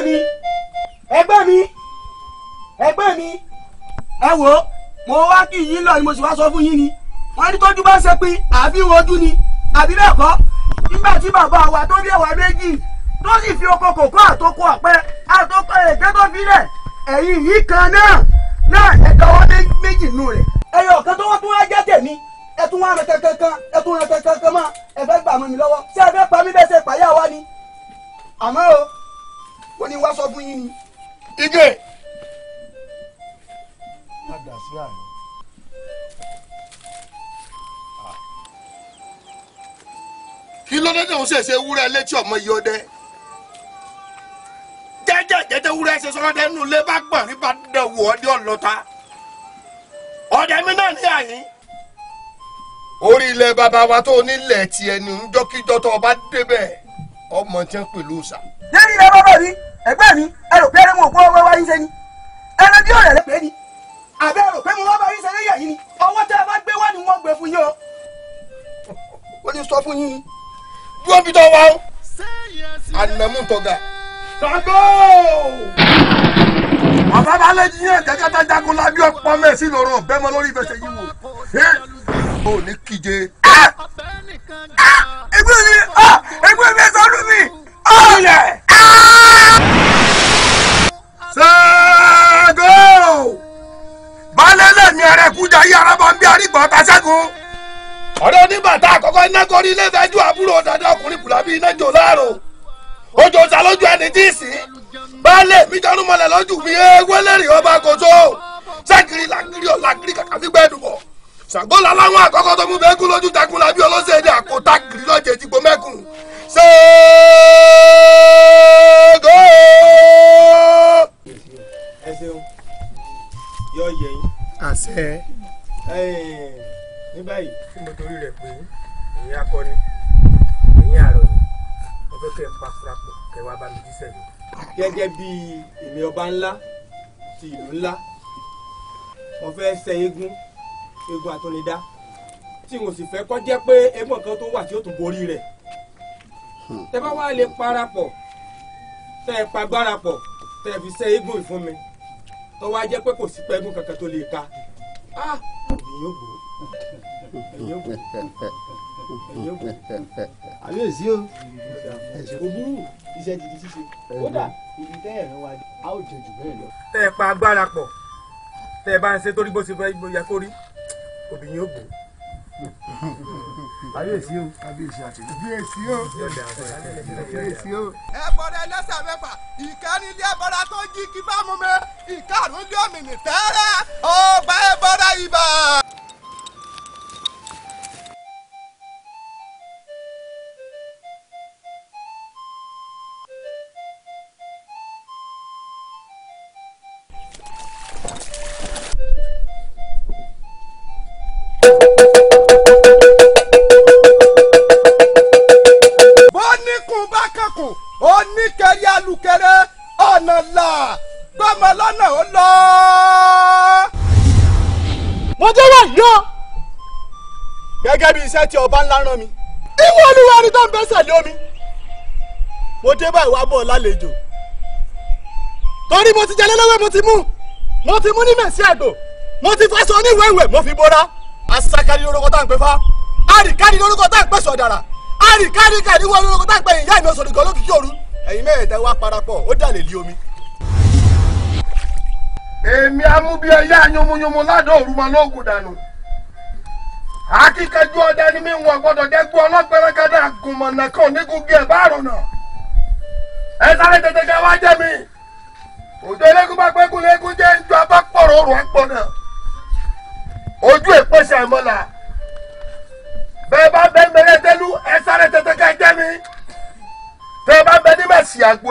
gbà mí ẹ gbà mí ẹ gbà mí ẹ mo wá kí yín lọ ni mo sì wá sọ fún yín ni wọ́n ní tójú bá ṣe pin àbí wojú ni àbí bẹ́ẹ̀ kọ́ nígbà tí bàbá wa tó bí ẹwà méjì tó sì fi oko kòkó àtòkò ọ̀pẹ àtòkò ẹ̀gẹ́ tó fi rẹ̀ ẹ̀yìn yìí kan náà náà ẹ̀dá wọn méjì nù rẹ̀ ẹyọ kan tó wọ́n tún wá jẹ́ tèmi ẹ tún wá rẹ kankan ẹ tún rẹ kankan kan ẹ fẹ́ gbà mi lọ́wọ́ ṣé ẹ fẹ́ pa mí bẹ́ẹ̀ ṣe pàyà wa ni àmọ́ o ó ní wá sọ fún yín ni. igé. má dà sí àná. kí ló dé tóun ṣèṣe wúrẹ́ létí ọmọ yìí ọdẹ. jẹ́jẹ́ jẹ́jẹ́ wúrẹ́ ṣe sọ́dẹ́ nínú ilé bá gbọ̀n rí bá dẹ̀ wò ọdẹ ọlọ́ta. ọ̀dẹ̀ mi náà ní àyín orí ilẹ̀ bàbá wa tó nílẹ̀ tiẹ̀ ní ń jọ́kíjọ́ tó o débẹ̀ ọmọ tí wọ́n pè lóòsà. lẹ́yìn ìyá bàbá mi ẹgbẹ́ mi ẹ pé ẹrẹ́mu òkú ọwọ́ wáyé ṣe ni ẹran bí ọ̀rẹ́ rẹ ni àbẹ́ rò pé mo wá báyé ṣe léyà yìí ni ọwọ́ tẹ́ ẹ bá gbé wá ni wọ́n gbé fún yín o. ó ní sọ fún yín dúró bí tó wá o ànàmú tọ̀gà. tàgó. bàbá bá lè yíyan gẹ́gẹ́ tó lábí ọ̀pọ̀ mẹ́sì lọ́rùn bẹ́ẹ̀ mọ lórí ìfẹsẹ̀ yìí wò. ó ní kíje. ẹgbẹ́ mi ẹgbẹ́ mi sọ́dún mi. Sílẹ̀. Ṣàngó. Balẹ̀lẹ̀ ni ẹrẹ kújà yí araba ń bí arígbọ̀n ta ṣẹ́gun. Ọ̀rẹ́ oníbàtà àkọ́kọ́ iná gorí ilé ìfẹ́jú àbúrò dandan ọkùnrin kùlà bíi iná jò láàrò. Ojo ta lójú ẹni tí ì sí. Baálé mi jọrú mọ́lẹ̀ lójú mi ọba kòtó. Ṣẹ́kiri làkiri ọ̀làkiri kàkà fi gbẹ́dùn bọ̀. Ṣàngólà láwọn àkọ́kọ́ tó mú bẹ́ẹ́kú lójú takun làbí kiri mẹ́kùn. o. ẹ ṣeun yọ yẹ yín. àṣẹ. ní báyìí tí mo torí rẹ̀ pé èyí akọni èyí àròyìn mo fẹ́ kẹ́ ẹ pa fúrapọ̀ kẹ́ wàá bá mi jíṣẹ́ mi. gẹ́gẹ́ bí èmi ọba ńlá ti ìlú ńlá mo fẹ́ ṣe eégún eégún àtúnidá tí mo sì fẹ́ kó jẹ́ pé eégún kan tó wà tí ó tún borí rẹ̀ tẹ́ hmm. bá wá lè parapọ̀ tẹ́ ẹ pa gbára pọ̀ tẹ́ ẹ fi ṣe eégún ìfún mi tó wá jẹ́ pé kò sí pẹ́ẹ́gùn kankan tó lè ka ẹ̀yìn ah! ògbó ẹ̀yìn ògbó ẹ̀yìn ògbó. àbíyèsí o òbúrú iṣẹ́ gidi ṣíṣe kódà ibi tẹ́ ẹ̀rọ wa a ó jẹ jù bẹ́ẹ̀ lọ. tẹ́ ẹ pa agbára pọ̀ tẹ́ ẹ bá ń ṣe torí bó ṣe fẹ́ yẹ kó rí obìnrin ògbó kábíyèsí o kábíyèsí àti kábíyèsí o kábíyèsí o. ẹ̀bọ̀rẹ̀ ẹlẹ́sẹ̀ mẹ́fà ìkẹ́nilé ẹ̀bọ̀ra tó jí kí bá mú mi ìkarùn-ún lé òmìnir tẹ́rẹ̀ ọba ibà. báyìí o. gẹ́gẹ́ bí iṣẹ́ tí ọba ńlá rán mi ìwọ olúwa ni tó ń bẹ́sẹ̀ lé omi mo dé báyìí wá bọ̀ lálejò torí mo ti jẹ lẹ́lẹ́wẹ́ mo ti mú mo ti mú ní mẹ̀sí àgbò mo ti fẹ́ sọ oníwèwè mo fi bóra asakari lórúkọ tá à ń pè fá àríkàrí lórúkọ tá à ń pè sọ̀dàrà àríkàrí kàríwọ̀ lórúkọ tá à ń pè ìyá ìmọ̀sọ̀rìgọ́ lókìkí òru ẹ̀yin mẹ́ẹ̀ẹ́dẹ́wà parapọ̀ ó dà lè lé omi èmi amúbí ẹyá yomuyomu ládọ̀ òrùmọ lóògùn dànù akíkanjú ọdẹ ni mi ń wọ gbọ́dọ̀ jẹ gbọ ọlọgbẹrẹkadà àgùnmọ̀nà ẹ ẹ sáré tètè ká wá jẹ mi òjò eléegun bá ń ju abápọ̀rọ̀ òrùn àpọ̀nà ojú ìpèsè àmọ́là bẹ́ẹ̀ bá bẹ́ẹ̀ mẹ́rẹ́tẹ́lú ẹ sáré tètè ká jẹ mi tẹ́ ẹ bá bẹ́ẹ̀ ní àgbo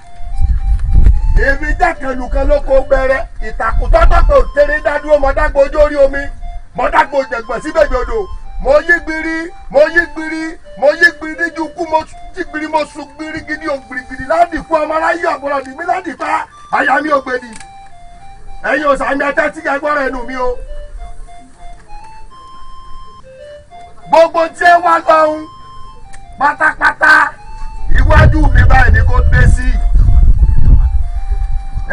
èmi jákèjùkẹ́ ló kó gbẹrẹ ìtàkùn tọ́tọ́tọ́ òtẹ́rẹ́ dájú ọmọdágbò ojú orí omi mọ́dágbò jẹ̀gbọ̀n síbẹ̀bẹ̀ odò mo yí gbiri mo yí gbiri mo yí gbiri ju kú mo ti gbiri mo sun gbiri gidi o gidi láti fún ọmọ aráyé ọ̀gbọ́n ní mi láti fa àyà mi ò gbèdì ẹ̀yin ò sàmì ẹtẹ́ tí kẹ́ gbọ́rọ̀ ẹnu mi o. gbogbo tí ẹ wá lọ́hún pátápátá iwájú mi báyìí ni kò dé sí i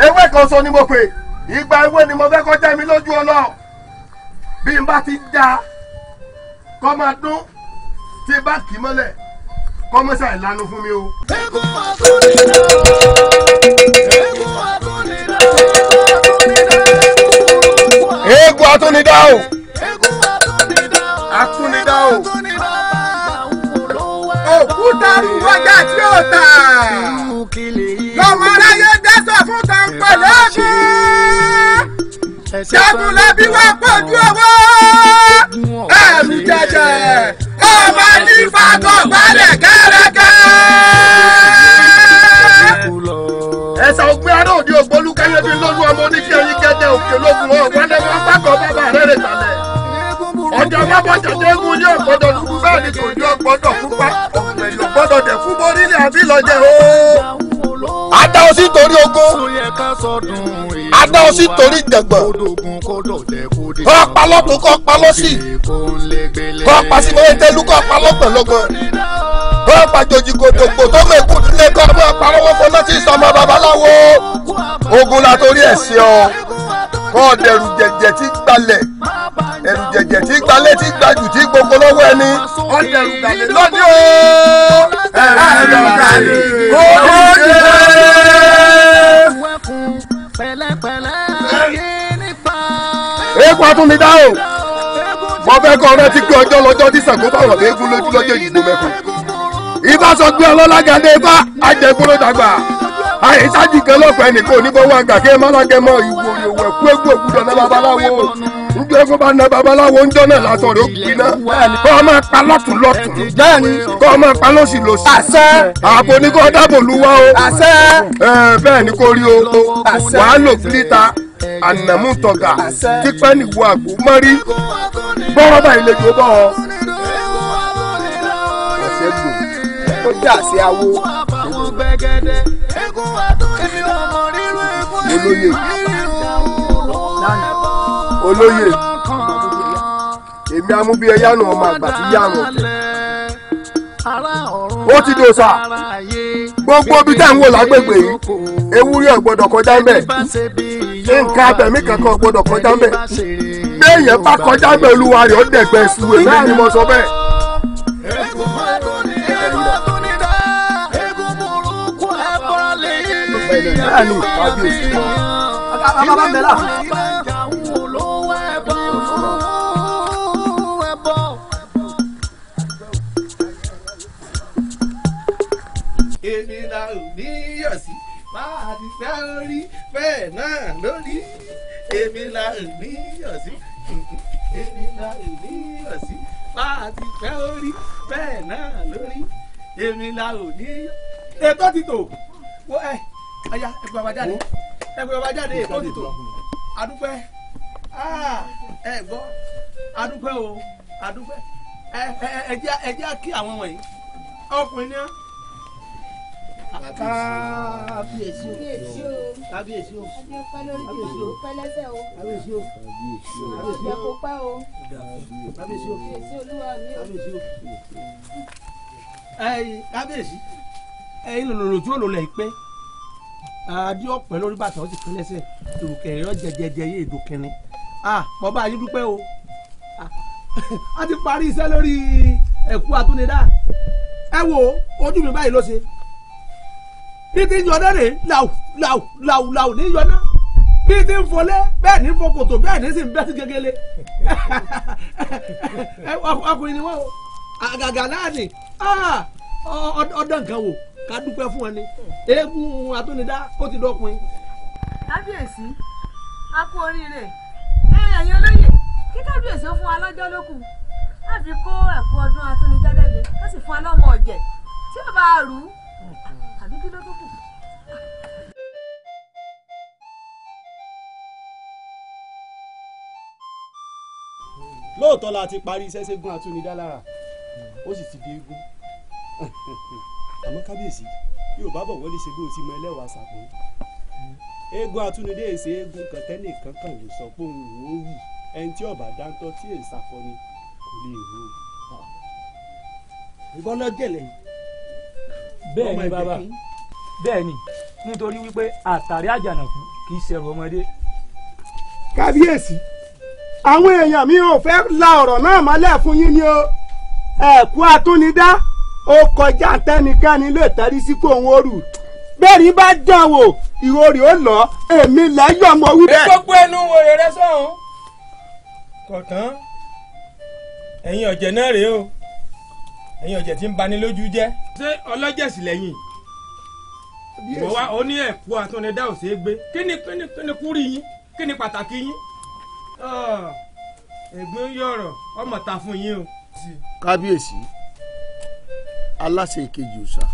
ewé kan sọ ni mo pè ìgbà ewé ni mo fẹ́ kọ́ jẹ́ mi lójú ọlọ́ bí n bá ti da kọ́ máa dún tí bá kì í mọ́lẹ̀ kọ́ mọ́sà ìlànà fún mi o. egun atúnidá o. atúnidá o. atúnidá o. òkúta wájà tí ó ta. ṣẹ́gun lẹ́bí wá pọ̀jù owó ẹ̀mí jẹjẹ ọmọ nípa tó balẹ̀ kẹ́rẹ́kẹ́. ẹ̀sà ògbé ará òde ògbólú káyọ̀ bíi lólu ọmọ oníṣẹ́ yín kẹ́jẹ́ òkè lókun ọ̀ wálé wọn pákó bàbá rẹ̀ rẹ̀ tàlẹ̀. ọjọ́ bábọ̀ jẹ̀dẹ̀ egun ní ọ̀gbọ́dọ̀ lùkú bẹ́ẹ̀ ni tòjú ọgbọ́dọ̀ fúnpa ọ̀pẹ̀lú gbọ́dọ̀ dẹ̀ fún borí ní àbí lọ́jẹ̀ ooo ọ sí torí ogun adá ọ sí torí jẹ̀gbọ̀n kọ́ palọ́pọ̀ kọ́ palọ́sì kọ́ pasimọ́yé tẹ́lú kọ́ palọ́pọ̀ lọ́gbọ̀n kọ́ pàjọ́jì kòtòkò tó mẹ́kù nílé kọ́ palọ́wọ́ fọlọ́sì sọmọ babaláwo ogun la torí ẹ̀ sí ọ kọ́ dẹ̀rù jẹ̀jẹ̀ tí gbalẹ̀ ẹ̀rù jẹ̀jẹ̀ tí gbalẹ̀ tí gbajù tí gbogbo lọ́wọ́ ẹni. ọ̀dẹ̀rù gbalẹ̀ lọ́dí o. ẹ̀rù gbalẹ̀ ó ti dé. eku atúnmi dá o mo fẹ́ kọ́ rántí pé ọjọ́ lọ́jọ́ tí Ṣàngó bá wọ̀ léegun lójú lọ́jọ́ yìí ló mẹ́kun. ibà sọ pé ọlọ́lágadé bá àjẹgbóró dàgbà àyíṣájì kan lọ́pọ̀ ẹnìkan oníbọ̀wọ́ àgbà kí ẹ má lágẹ̀ mọ́ ìwò ìwò ẹ̀kú ẹ̀kú ògùdọ̀ náà babaláwo njẹ́ fún bá na babaláwo ń dọ́nà lásán rẹ̀ ó gbiná kọ́ ọ máa pa lọ́tún lọ́tún kọ́ ọ máa pa lọ́sì lọ́sì ààbò ni kò dáàbò luwa o bẹ́ẹ̀ ni kò rí o wàá lò gíríta ànàmútọ̀gà pípẹ́ nìwọ àgbò mọ́rí bọ́rọ̀ báyìí lè jó bọ́ ọ. ọ̀sẹ̀ gbò ó dà sí awo olóyè olóyè èmi amúbí ẹyánu ọmọ àgbà tí yánu ọ̀tẹ̀ ó ti dò sá gbogbo ibi tẹ́ ń wò lágbègbè yìí ewúrẹ́ ọ̀gbọ́dọ̀ kọjá ń bẹ̀ nǹkan abẹ̀mí kankan ọ̀gbọ́dọ̀ kọjá ń bẹ̀ béèyàn bá kọjá ń bẹ̀ olúwa rẹ̀ ó dẹ̀gbẹ́ sùn èmi ni mo sọ bẹ́ẹ̀. bẹ́ẹ̀ náà ní kábíyèsí. bàbá bẹ́ẹ̀ la. èmi la ò ní yọ̀ sí máa ti fẹ́ rí bẹ́ẹ̀ náà lórí èmi la ò ní yọ̀ sí ètò ti aya ẹ pè bàbá jáde ẹ pè bàbá jáde èkó ti tò adúpẹ́ ah, ẹ gbọ́ adúpẹ́ o adúpẹ́ ẹ ẹ ẹ jẹ́ kí àwọn wọ̀nyí ọkùnrin náà kábíyèsí o kábíyèsí o kábíyèsí o kábíyèsí o kábíyèsí o kábíyèsí o kábíyèsí o ẹyìn kábíyèsí ẹyìn lòlòlò tí ó lò lẹ́yìn pé adé ọ̀pẹ lórí bàtà ó sì pín lẹ́sẹ̀ tòkè ẹ̀rọ jẹjẹjẹ yé èdò kẹrin bọ́bá yín dúpẹ́ o a ti parí iṣẹ́ lórí ẹ̀kú atúndédá ẹ wo ojú mi báyìí ló ṣe bí ti ń yọdá rè làwù làwù làwù làwù ní yọdá bí ti ń fọlé bẹ́ẹ̀ ní fọkòtò bẹ́ẹ̀ ní sì ń bẹ́ sí gegele ọkùnrin ni wọ́n àgàgà láàánì ọdọ nǹkan wò ká dúpẹ́ fún wọn ni eégún atúnidá ó ti dọ́kun. kábíyèsí a kú oríire ẹ̀yin olóyè kí kábíyèsí ó fún wa lọ́jọ́ lókù láti kó ẹ̀kọ́ ọdún atúnidá lẹ́gbẹ̀ẹ́ ó sì fún wa lọ́mọ ọ̀jẹ̀ tí ó bá rù ú àbí kí ló tó kù. lóòótọ́ la ti parí iṣẹ́ ṣẹ́gun atúnidá lára ó sì ti di eégún. àmọ́ kábíyèsí yóò bá bọ̀ wọ́n ní ṣe bí o ti mọ ẹlẹ́wàá ṣàpò eégún atúnidé èsè eégún kan tẹ́nì kankan lè sọ pé òun ò wù ẹni tí ọba dáńtọ́ tí èsì àfọni kò lè rú o. ìbọn náà gẹ̀lẹ́ bẹ́ẹ̀ ni bàbá bẹ́ẹ̀ ni nítorí wípé àtàrí àjànàkú kì í ṣẹ̀rù ọmọdé. kábíyèsí àwọn èèyàn mi ò fẹ́ la ọ̀rọ̀ náà mọ́lẹ̀ fún yín ni o ẹ̀kú atúnidá. E ó kọjá tẹ́nikẹ́ni lè tẹ́rí sí kó òun ó rù bẹ́ẹ̀ ni bá dán wò ìrorì ó lọ èmi lẹ́yọ̀ mo wí bẹ́ẹ̀. gbogbo ẹnu wèrè rẹ sọ̀hún kọ̀tán ẹ̀yin ọ̀jẹ̀ náà rèé o ẹ̀yin ọ̀jẹ̀ tí ń bani lójú jẹ́. ṣé ọlọ́jẹ̀sì lẹ́yìn mọ̀ wá ó ní ẹ̀kú àtúndẹ́dá ò ṣeé gbé kí ni kí ni kí ni kúrì yín kí ni pàtàkì yín ẹ̀gbọ́n yọ̀rọ̀ ọmọ ta fún yín o. kábíyèsí. Si aláṣẹ ìkejì òòṣà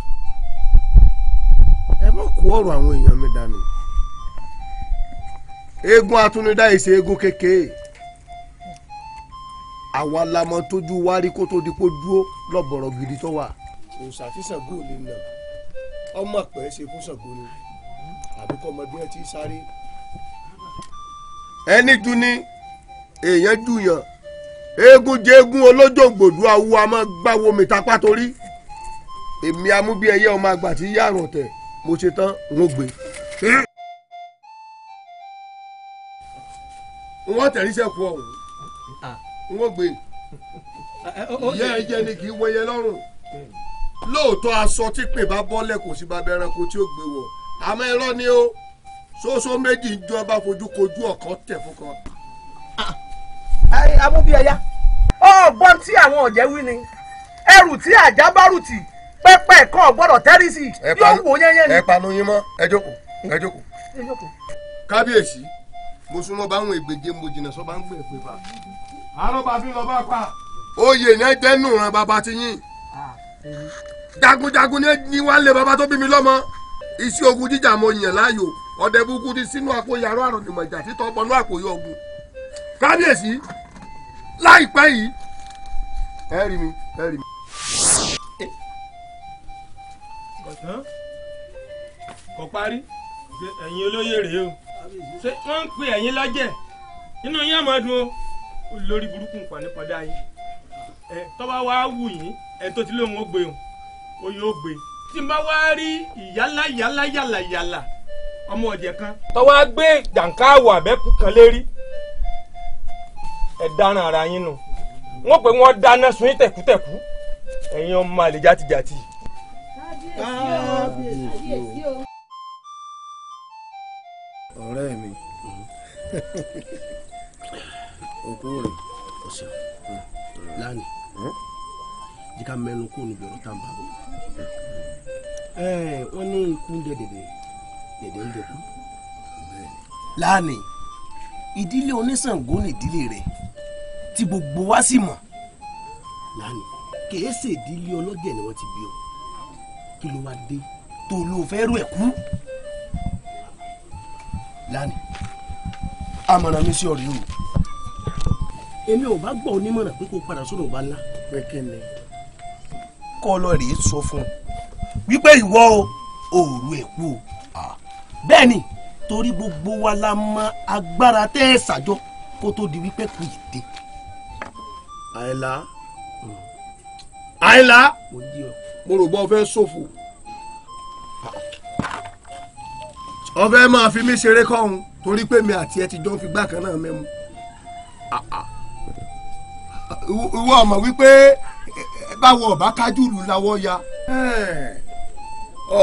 ẹ má kó ọ̀rọ̀ àwọn èèyàn mi dànù eégún atúnidá ìṣe eégún kékeré àwa la mọ tójú wá rí kó tó di kó dúró lọ́bọ̀rọ̀ gidi tó wà. òòṣà tí Ṣàngó lè nà ọmọ pẹ́ ṣe fún Ṣàngó ni àbí kọ́ ọmọ bí ẹ ti sáré. ẹni ju ni èèyàn jùyàn eégún jẹ́gún olójó gbòdú awo a máa gbáwo mi tapá torí èmi amúbí ẹyẹ ọmọ àgbà tí yá àrùn ọ̀tẹ̀ mo ṣe tán n ó gbé. wọ́n tẹ̀lé iṣẹ́ kú ọ̀hún n ó gbé. ìyá ẹ ni kì í wọyẹ lọ́rùn lóòótọ́ aṣọ tí pè bá bọ́lẹ̀ kò sí bàbá ẹranko tí ó gbé wọ̀ àmọ́ irọ́ ni ó ṣoṣo méjì ń jọ bá fojú kojú ọ̀kan tẹ̀ fún kan. amúbíẹ̀yà ọ̀gbọ́n tí àwọn ọ̀jẹ̀ wí ni ẹrù tí àjá bá rù tì pẹ́pẹ́ kan gbọ́dọ̀ tẹ́rí sí yóò wò yẹ́yẹ́ ni. ẹ panu yín mọ́ ẹ jókòó ẹ jókòó. kábíyèsí mo súnmọ́ báwọn ègbèje mo jìnnà sọ́ bá ń gbé èpè pa. àárọ̀ bá fi lọ bá pa. oyè ní ẹjẹ́nu ràn bàbá ti yín. jagunjagun ní wàá lé bàbá tó bí mi lọ́mọ. iṣẹ́ ogun jíjà mo yàn láàyò ọ̀dẹ burúkú ti sínú àpò yàrá àròdìmọ̀ ìjà títọ́ bọnú àpòyọ ogun. kábíyèsí láìpẹ́ yìí ẹ rí mi ẹ rí mi kọ̀tán kọ̀ parí ẹ̀yin olóyè rèé o ṣé wọ́n ń pe ẹ̀yin lọ́jẹ̀ inú yín àmọ́ dùn o lórí burúkú nǹkan nípadà yín ẹ tọ́ba wa wù yín ẹ tó ti lóun ó gbé o ó yóò gbé tí n bá wá rí ìyálà yálà yàlà yàlà ọmọ ọ̀jẹ̀ kan. tọ́wọ́ gbé jàǹká àwọ̀ kan lérí ẹ̀ dáràn ara yín nù wọ́n pè wọ́n dáná sun yín tẹ̀kútẹ̀kú ẹ̀yin ọmọ àlè játijàti kábíyèsí ọ̀rẹ́ mi òkú rẹ̀ ọ̀sẹ̀ lánìí jíkà mẹ́nu kó níbi ọ̀rọ̀ tá à ń bá bọ̀. wọ́n ní ikú ń dẹ̀dẹ̀dẹ̀ dẹ̀dẹ̀ ń dẹ̀kú. lánìí ìdílé oníṣàngó ni ìdílé rẹ̀ tí gbogbo wa sì mọ̀ lánìí kèé ṣèdílé ọlọ́jẹ̀ ni wọ́n ti bí o kí ló wá dé tó ló fẹ́ rú ẹ̀ kú. lánìí àmọ̀ràn mi sí ọ̀rẹ́ o èmi ò bá gbọ́ onímọ̀ràn pé kó padà sọ̀rọ̀ bá ńlá pẹ́kẹ́lẹ́ kọ́ lọ rèé sọ fún un wípé ìwọ òòrù ẹ̀ kú o bẹ́ẹ̀ ni torí gbogbo wa la mọ agbára tẹ́ ẹ ṣàjọ kó tó di wípé kù ìdè. àìlá àìlá. mo jí ọ mo rò bọ́ ọ fẹ́ ṣòfò ọ fẹ́ máa fi mí ṣeré kọ́hún torí pé mi àti ẹ ti jọ ń fi gbá kan náà mẹ́mu ìwọ ọmọ wípé báwo ọba kájúlù lawọ ya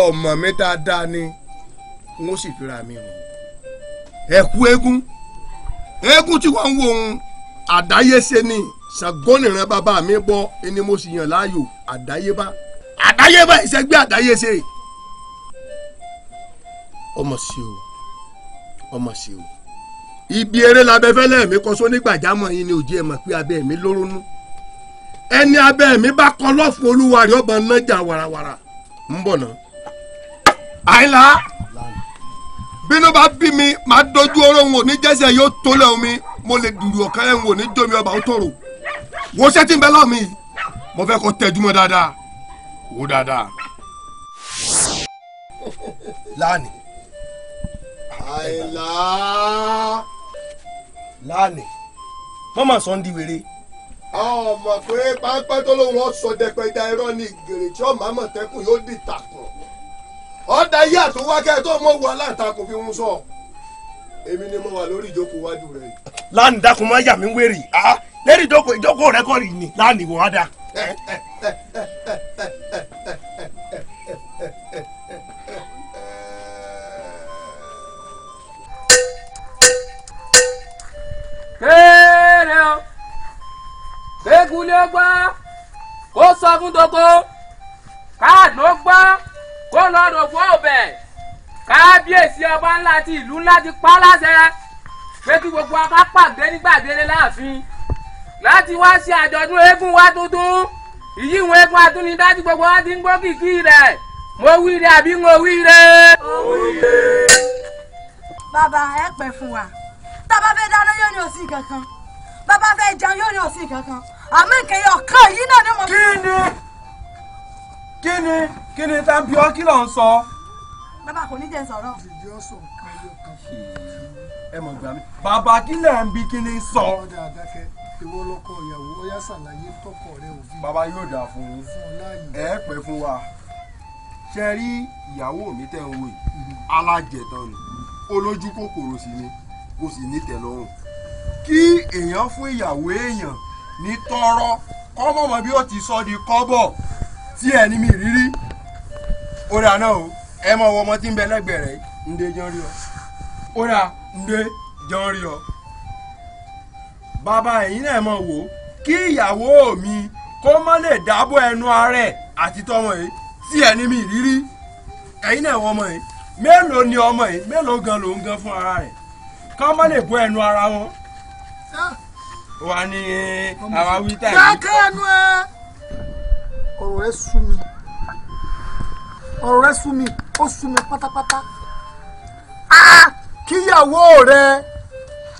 ọmọ mi dáadáa ni n ó sì fira mi hàn ẹkú eégún eégún tí wọn ń wo ohun àdáyése ni ṣàgọ́nìran bàbá mi bọ́ ẹni mo sì yàn láàyò àdáyébá. àdáyébá ìṣẹ́gbé àdáyé ọmọ sí o ọmọ sí o ibi eré labẹ́fẹ́lẹ́ mi kọ́ só nígbàjámọ̀ ni òjì ẹ̀ pé abẹ́ mi lóronú ẹni abẹ́ mi bá kọlọ lọ́fún olúwarí ọba nájà warawara ń àìlá bínú bá bí mi máa dojú oró wọn ní yóò tó mo lè dùrù wọn ní ọba ń bẹ wò dáadáa. láàní. àìlá. láàní. mọ́mọ́ sọ ń di wèrè. ọmọ pé pápẹ́ tó lóun wọn sọ dẹpẹdẹ irọ́ ni gèrè tí ọmọ àmọ̀tẹ́kùn yóò di tàkùn ọ̀dà yìí àtúwákẹ́ tó mọ̀ wọ aláǹtakùn fi ń sọ èmi ni mo wà lórí ìjókòó wájú rẹ. láàní dákun máa yà mí wèrè ah, lẹ́rìí ìjókòó rẹ kọ́ rí ni láàní wọ́n á dáa kéèrè o gbégulé gbọ́ kó sọ fún dogo káàdó gbọ́ kó lọ́dọ̀ gbọ́ ọbẹ̀ kábíyèsí ọba ńlá ti ìlú ńlá ti pa láṣẹ pé kí gbogbo akápàgbé nígbàgbére láàfin láti wá ṣe àjọ̀dún eégún wa tuntun ìyíwọ̀n eégún atúnidájú gbogbo wa ti ń gbọ́ kìkì rẹ̀ mo wí rẹ̀ àbí mo wí rẹ̀. bàbá ẹ pẹ́ fún wa bàbá fẹ́ dáná yóò ní òsì kankan bàbá fẹ́ jẹun yóò ní òsì kankan àmọ́ ìkẹyẹ ọ̀kan yìí náà ni mo. kí ni kí ni kí ni tá a bí ọ kí ló ń sọ. bàbá kò ní jẹ́ sọ̀rọ̀. ẹ mọ̀ gbà mí bàbá kí lẹ̀ ń bí kí ni sọ ìwọ lọkọ ìyàwó ọyá ṣàlàyé tọkọ rẹ òfin. bàbá yóò dà fún un ẹ pẹ́ fún wa ṣe rí ìyàwó mi tẹ́ ń wò yìí alájẹtàn ni olójú kòkòrò sì ni kò sì ní tẹ́lọ́rùn kí èèyàn fún ìyàwó èèyàn ní tọrọ kọ́mọ̀mọ́ bí ó ti sọ di kọ́bọ̀ tí ẹ ní mi rírí ó dà náà o ẹ mọ̀ ọmọ tí ń bẹ lẹ́gbẹ̀ẹ́ rẹ̀ ń dé jọ́n rí ọ ó ń dé jọ́n rí ọ bàbá ẹ̀yin náà mọ̀ wò kí ìyàwó mi kó má lè dábọ̀ ẹnu ààrẹ àti tọmọ yìí tí ẹni mi rírí ẹ̀yin náà wọ́n mọ̀ yìí mélòó ni ọmọ yìí mélòó gan ló ń gan fún ara rẹ̀ kó má lè bọ́ ẹnu ara wọn. wà á ní àwa wí táyì. dákẹ́ ẹnu ẹ ọ̀rọ̀ ẹ sú mi ọ̀rọ̀ ẹ sú mi ó sú mi pátápátá ah! kíyàwó rẹ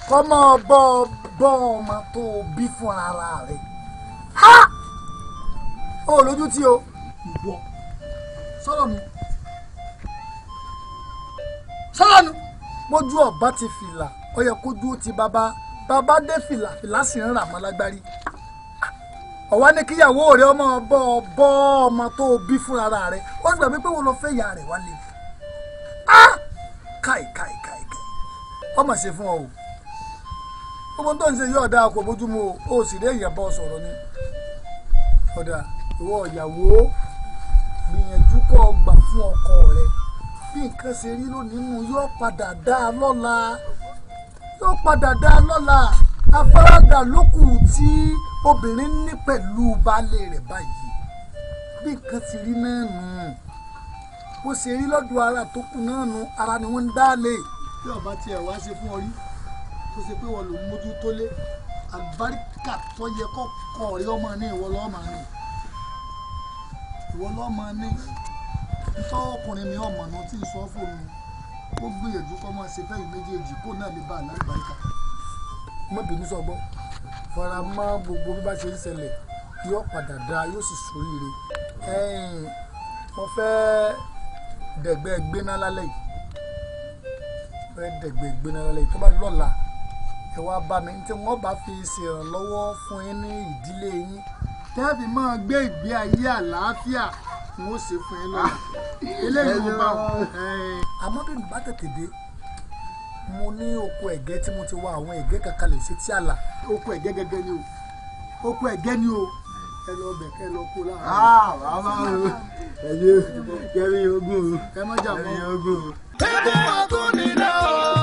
kọ́ mọ́ bọ́ ọ bọ́ ọmọ tó bí fún ara rẹ̀ ha ó lójú tí o ìwọ sọ̀rọ̀ mi sọ̀rọ̀ mi mójú ọba ti fìlà ó yẹ kó dúró ti bàbá bàbá dé fìlà fìlà sì ń rà mọ́ lágbárí ọ̀wá ní kíyàwó rẹ̀ ọmọ bọ́ bọ́ ọmọ tó bí fún ara rẹ̀ ó sì gbàgbé pé wọ́n lọ fẹ́ ìyá rẹ̀ wálé káì káì káì káì ọmọ ṣe fún ọ o gbogbo tó ń ṣe yóò dáa kò mójúmu o ò sì rí èèyàn bọ́ sọ̀rọ̀ ni ọ̀dà ìwọ ìyàwó gbìyànjú kọ́ gbà fún ọkọ rẹ bí nǹkan ṣe rí lónìí nù yóò padà dáa lọ́la yóò padà dáa lọ́la afárádà lókù tí obìnrin ní pẹ̀lú baálé rẹ̀ báyìí bí nǹkan ti rí náà nù bó ṣe rí lọ́dọ̀ ara tó kù náà nù ara ni wọ́n ń dá lé. bí ọba tiẹ̀ wá ṣe fún ọ rí tó ṣe pé wọ́n ló mójú tó lé àlùbáríkà tó yẹ kọ́kọ́ rí ọmọ ní ìwọ lọ́mọ ní ìwọ lọ́mọ ní nítorí ọkùnrin mi ọmọ náà tí ì sọ fóònù kó gbìyànjú kọ́ máa ṣe fẹ́yìn méjèèjì kó náà lè bá àlùbáríkà mọ́ bínú sọ́gbọ́n fara mọ́ gbogbo bí bá ṣe ń ṣẹlẹ̀ yóò padà dá yóò sì ṣoríire mo fẹ́ dẹ̀gbẹ́ gbéná lálẹ́ yìí fẹ́ dẹ̀gbẹ́ gbéná lálẹ́ yìí tó bá lọ́la ẹ wá bá mi tí wọ́n bá fi ṣèrànlọ́wọ́ fún yín ní ìdílé yín tẹ́ẹ̀fì máa gbé ìgbé ayé àlàáfíà n ó ṣe fún yín lọ́la eléyìí ló bá wọn. àmọ́ bí bá tètè dé mo ní oko ẹ̀gẹ́ tí mo ti wá àwọn ẹ̀gẹ́ kankan lè ṣe tí àlà oko ẹ̀gẹ́ gẹ́gẹ́ ni o oko ẹ̀gẹ́ ni o ẹ lọ bẹ kẹ lọ kó láàárọ̀. a ah, wàá kẹrin ogun o kẹrin ogun o. kẹrin ogun náà.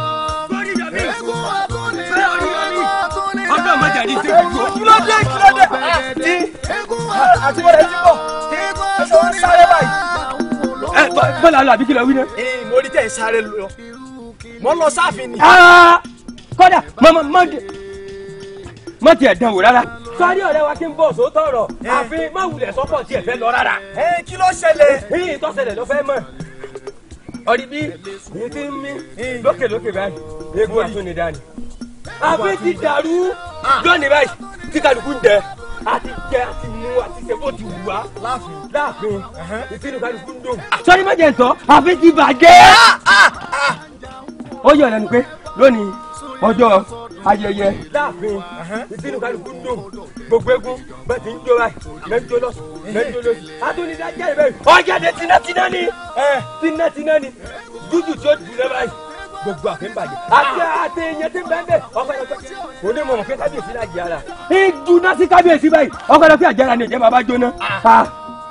àti bọ́lá ẹtí bọ̀ ṣé ó ń sáré báyìí. ẹ bọ́lá lọ àbí kí lọ wí náà. ee mo rí tẹ̀ ń sáré lọ mo lọ sáàfin ni. kódà mọ mọ mọ tiẹ̀ dán wò rárá sọ́rí ọ̀rẹ́ wa kí n bọ̀ sóòótọ́ ọ̀rọ̀ àfin má wulẹ̀ sọ́kọ̀ tiẹ̀ fẹ́ lọ rárá. ẹ kí ló ṣẹlẹ̀. yìnyín tó ṣẹlẹ̀ ló fẹ́ mọ̀ ọ̀rí bí yìí ti ń mí lókèlókè báyìí eégún àtúndì dání. àfin ti dàrú ah. lónìí báyìí tí kálukú ń dẹ a ti jẹ a ti mu a ti ṣe bó ti wù wá. láàfin láàfin ìsinmi kálukú ń dùn. sọ́ni méje ń sọ àfi ti bàjẹ́. ó yọ̀ lẹ́nu pé lónìí ọjọ́ ayẹyẹ. láàfin ìsinmi kálukú ń dùn gbogbo egun bẹ́ẹ̀ ti ń jó báyìí mẹ́jọ lọ́sùn mẹ́jọ lọ́sùn. atúnidá jẹ́ ìbẹ́yìí ọjà de tinátiná ni tinátiná ni jújù tí ó jù lẹ́ báyìí gbogbo àkínbàjẹ́ ah. àti àti ìyẹn tí bẹ́ẹ̀ bẹ́ẹ̀ ọ̀gbọ́dọ̀ pé mọ̀ pé kábíyèsí náà jẹ́ ara. ìdùnnà sí kábíyèsí báyìí ọ̀gbọ́dọ̀ àjẹrà ni ìjẹ́ bàbá jóná ah. Ah,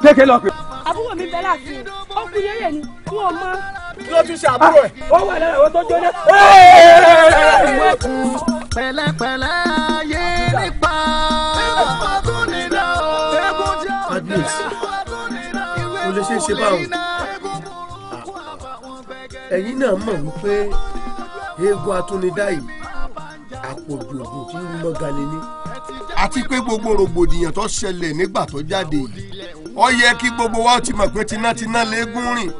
kéèké lọ pé. àbúrò mi bẹ láàfin ó kú ni fún ọmọ. ló tún ṣe àbúrò ẹ. ó wà lára àwọn tó jóná. pẹ̀lẹ́pẹ̀lẹ́ yé nípa kábíyèsí kò lè ṣe é ṣe báwọn ẹ̀yin náà mọ̀ wípé eégún atúnidá yìí àpòjù ògùn tí ń mọ́ gani ní. àti pé gbogbo rògbòdìyàn tó ṣẹlẹ̀ nígbà tó jáde yìí ó yẹ kí gbogbo wa ti mọ̀ pé tinátiná léégún rìn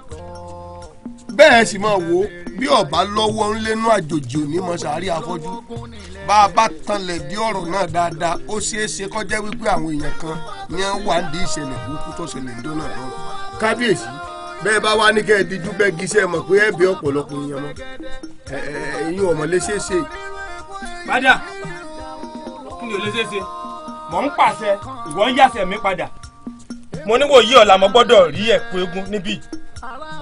bẹ́ẹ̀ sì máa wò ó bí ọba lọ́wọ́ ńlẹ́nu àjòjì òní mọ sàárì afọ́jú bá a bá tanlẹ̀ bí ọ̀rọ̀ náà dáadáa ó ṣeé ṣe kọjá wípé àwọn èèyàn kan ni wọ́n wà ń di ìṣẹ̀lẹ̀ burúkú tó ṣẹlẹ̀ ń náà. kábíyèsí bẹ́ẹ̀ bá wá ní kẹ́ ẹ díjú bẹ́ẹ̀ gíṣẹ́ mọ̀ pé ẹ bí ọ̀pọ̀lọpọ̀ yẹn mọ́ ẹ̀yin ọmọ léṣeṣe. padà kí ni o lè ṣeéṣe mò ń pàṣẹ ìwọ ń yàṣẹ mi padà mo ní wòye ọ̀la mo gbọ́dọ̀ rí ẹ̀kú eégún níbí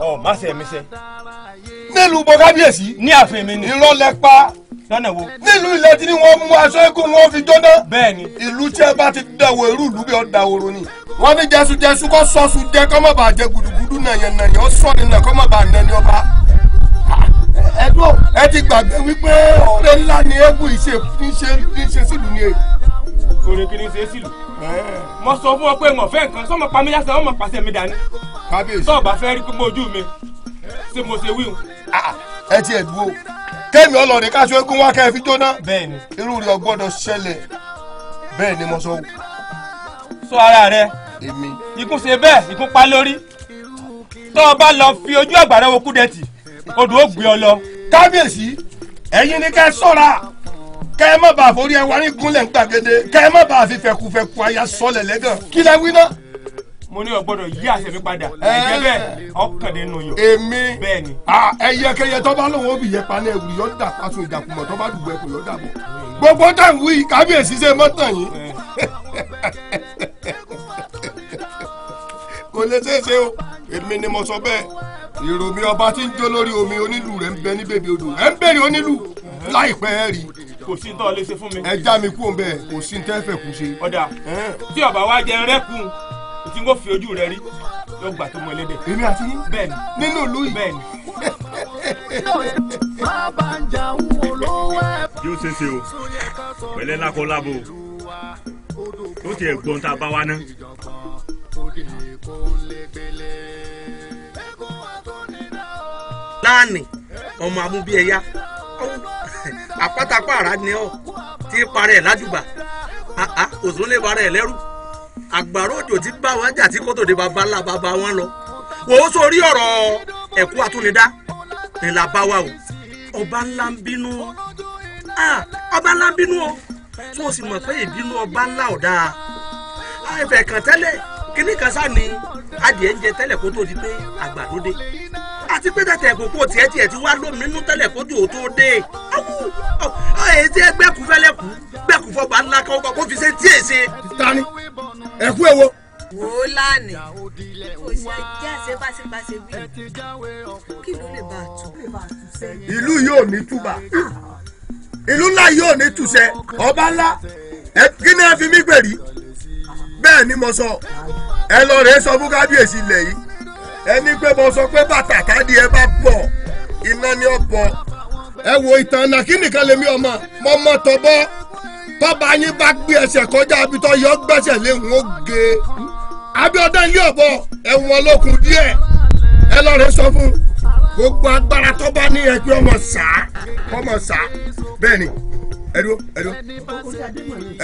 ọ̀ má mi ṣe. nílùú bọ ní àfin ni. irọ́ lẹ pa lọ́nà wo. nílùú ilẹ̀ tí ni wọ́n mú aṣọ ikú wọn fi jóná. bẹ́ẹ̀ni. ìlú tí ẹ bá ti dàwọ̀ irú ìlú bí ọ dàwòrò ni. wọ́n ní jẹsùjẹsù kọ́ sọ́ọ̀sù jẹ kọ́ mọ̀ bàá jẹ gudugudu nàyàn nàyàn ó sọ́ọ̀ni nà kọ́ mọ̀ bàá nàní ọba. ẹ̀dùn ẹ ti gbàgbé wípé ọ̀rẹ́ ńlá ni eégún ìṣe ìṣe sílùú ni èyí. orin kiri ṣe sílùú. mo sọ fún ọ pé mo fẹ́ nǹkan sọ́mọ pa mí lásán ọmọ pàṣẹ mi dání. kábíyèsí. tọ́ọ̀ fẹ́ rí pé ojú mi ṣé mo ṣe wíwù. Ah, ah, ẹ ti ẹ̀ dúró kémi ọlọ́ọ̀dẹ káṣọ eégún wá kẹ́ẹ̀ fi jóná irú rẹ̀ ò gbọ́dọ̀ ṣẹlẹ̀ bẹ́ẹ̀ ni mo sọ. sọ ara rẹ èmi. ikú ṣe bẹ́ẹ̀ ikú pa lórí tó o bá lọ fi ojú àgbàrá wo kúdẹ̀tì odò ó gbé ọ lọ. kábíyèsí ẹ̀yin ni kẹ́ ẹ sọ́ra kẹ́ ẹ má bàa forí ẹ wá ní gúnlẹ̀ ń gbàgede kẹ́ ẹ má bàa fi fẹ̀kúfẹ̀kú àyà sọlẹ̀ lẹ́gàn kí lẹ wí náà mo ní ọgbọ́dọ̀ yí àṣẹ mi padà ẹ̀jẹ̀ bẹ́ẹ̀ ọkàndínú yọ. èmi ẹyẹkẹyẹ tó bá lóun ó yẹ panẹ ewu yọ dà pàtó ìdàkùmọ̀ tó bá dùgbò ẹkùn yọ dàbọ̀. gbogbo tá n wí kábíyèsí ṣe mọ́tàn yìí. kò lè ṣeé o èmi ni mo sọ bẹ́ẹ̀ ìròmí ọba tí ń jó lórí omi onílù rẹ̀ ń bẹ ní bèbè odò ẹ̀ ń bèrè onílù láìpẹ́ rí kò sí tọ́ ọ ṣe fún mi. ẹ já mi kú òun bẹ́ẹ̀ kò sí tẹ́ fẹ́ ṣe. ọ̀dà tí ọba wa jẹ rẹ́kùn tí n kò fi ojú rẹ rí yóò gbà tó mọ ẹlẹ́dẹ̀. èmi àti yín bẹ́ẹ̀ ni nínú ìlú yìí bẹ́ẹ̀ ni. bí ó ṣe ṣe o pẹ̀lẹ́ lákọ lábo ó tiẹ̀ gbọ́n tá a bá wa ná. láàánì ọmọ amúbíẹyà àpátápá àrà ni ọ ti parẹ́ ládùbà òṣùlẹ̀ bàrẹ̀ lẹ́rù. Agbaro òjò ti bá wọn jà tí kò tó de bàbá ńlá bàbá wọn lọ wò ó sórí ọ̀rọ̀ ẹ̀kú àtúnidá ni là bá wà o ọba ńlá ń bínú ọba ńlá ń bínú o tó o sì mọ̀ pé ìbínú ọba ńlá ọ̀dà àìfẹ̀ kàn tẹ́lẹ̀ kíní kan sá ni adìẹ ń jẹ tẹ́lẹ̀ kó tó di pé àgbàdo dé àti pé tẹ̀tẹ̀ ìkókó tiẹ̀ tiẹ̀ ti wá lóminú tẹ́lẹ̀ kójú ò tó dé èyí tí gbẹ̀kú fẹ́lẹ́ kú gbẹ̀kú fọgbà ńlá kan kó fi ṣe tí èsè. tani ẹkú ẹ wo. wò ó lánàá kò ṣe jẹ́ àṣebáṣebáṣe wí kí ló lè bá a tún lè bá a tún sẹ́yìn. ìlú yóò ní túbà ìlú ńlá yóò ní túṣẹ ọba ńlá kí ni ẹ fi mí gbèrí bẹ́ẹ̀ ni mo sọ ẹ lọ rèé sọ fún kábíyèsí ilẹ̀ yìí ẹni pé mo sọ pé bàtà tá di ẹ bá bọ̀ iná ni ó bọ̀. ẹ wo ìtàn náà kí nìkan ọma ọmọ mọ mọ tọbọ tọba yín bá gbé ẹsẹ kọjá abitọ yọ gbẹsẹ lé ń ó ge Abíọ́dún ilé ọbọ ẹ̀wọ̀n lókun díẹ̀ ẹ lọ rẹ sọ fún gbogbo agbára tọba ní ẹgbẹ ọmọ sá ọmọ sá ni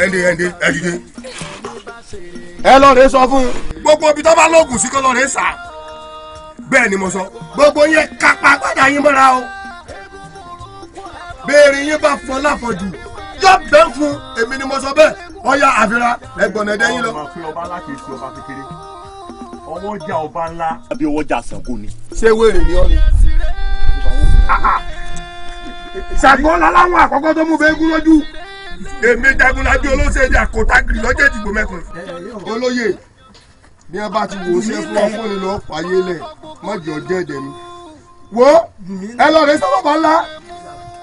ẹdí ẹdí ẹ lọ rẹ sọ fún gbogbo sí rẹ sá bẹẹ ni gbogbo yẹn kápá gbàdá yín béèrè yín bá fún ọ láfọ̀jù yóò bẹ́ fún èmi ni mo sọ bẹ́ẹ̀ ọ̀ya àfira ẹgbọ̀n ẹ̀dẹ́ yín lọ. ọmọ fi ọba ńlá kì í ṣe ọba kékeré ọwọ́ jà ọba ńlá. àbí ọwọ́ jà Ṣàngó ni. ṣé wèrè ni ọ ni. Ṣàngó láláwọn àkọ́kọ́ tó mú bẹ́ẹ̀ gún lójú èmi jagunlabi olóṣèlú àkótágìrì lọ́jọ́ ìdìbò mẹ́kan. olóyè ní ẹ bá ti wò ṣe fún ọ fún ìlú ọ̀pá yẹlẹ̀ mọ́jọ́ jẹ́ ẹ̀dẹ̀ mi. wo ẹ lọ rẹ sábà bá ńlá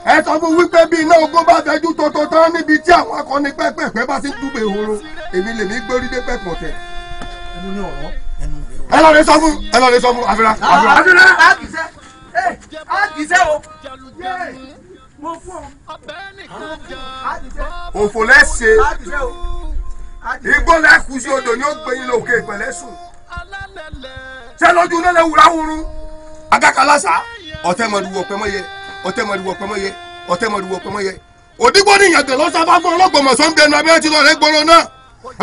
ẹ sọ fún wípé bí iná ogun bá fẹjú tótó tán níbi tí àwọn akọni pẹ́pẹ́pẹ́ bá ti ń dúpẹ́ ìhoro èmi lèmi gbórí dé pẹ́pọ̀ tẹ̀. ẹnu ní ọ̀rọ̀ ẹnu rẹ̀. ẹ lọ lè sọ fún ẹ lọ lè sọ fún àfihàn. Ah, àfihàn àfihàn. a kì í sẹ́ ẹ eh, a kì í sẹ́ o mo fún ọ a kì í sẹ́. òfò lẹ́sẹ̀ igbó lẹ́kùn sí odò ni ó gbẹ̀yìn lókè ìpẹ̀lẹ́sùn ṣé lójú nílẹ̀ wúrà wúrú agákalásà ọ̀tẹ́ mọ̀ọ́dúnwó pẹ́mọ́yẹ ọ̀tẹ́ mọ̀lúwọ̀ pẹ́mọ́ yẹ ọ̀tẹ́ mọ̀lúwọ̀ pẹ́mọ́ yẹ. òdìgbò ní ìyàtọ̀ lọ́sàbà fún ọlọ́gbọ̀mọ̀ sọ ń bẹnu ti lọ rẹ gbọ́rọ̀ náà.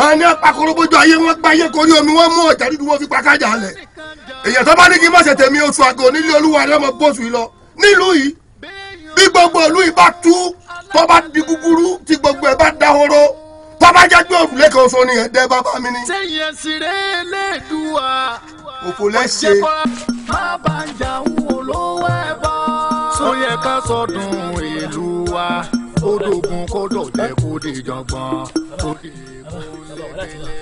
àní apakọ̀rọ̀bọ̀jọ ayé wọn gba ayé korí omi wọn mú ọ̀jà dídú wọn fi pa kájà lẹ̀. èyàn tó bá ní kí n má ṣe tèmi oṣù àgọ́ nílé olúwa rẹ mọ bóṣù yìí lọ nílùú yìí bí gbogbo ìlú yìí bá tú tó bá di gúgúrú tí gbogbo ẹ̀ bá dahoro tó bá jẹ́ gbé òrùlé kan oṣù ni ẹ̀ dẹ́ bàbá mi ni. òfò lẹ́sẹ̀. bàbá ń jà ń wò bá ó yẹ ká sọdún ìlú wa ó dògùn kó dòjẹ́ kó di jọ̀gbọ́n ó di kó lẹ́tẹ̀lẹ́.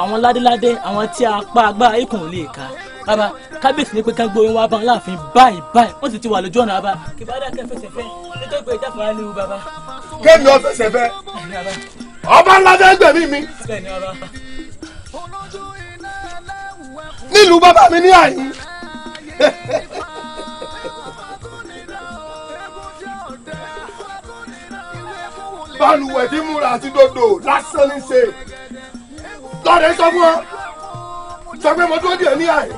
àwọn ládéládé àwọn tí a agbára ikùn ò lè ka bàbá kábíyèsí ni pé ká gbóyún wá bá láàfin báyìí báyìí wọn sì ti wà lójú ọ̀nà àbá. kìbádà kẹ fẹsẹ̀ fẹ́ nítorí pé ìjà fúnra léwu bàbá. kémi ọ fẹsẹ̀ fẹ́ ọba ńlá fẹ́ gbẹ̀mí mi. bẹ́ẹ̀ ọba nílùú bàbá mi ní àyín. balùwẹ̀ tí múra àti dodo lásán ní ṣe lọ́dẹ sọ fún ọ sọ pé mo dúró díẹ̀ ní àyín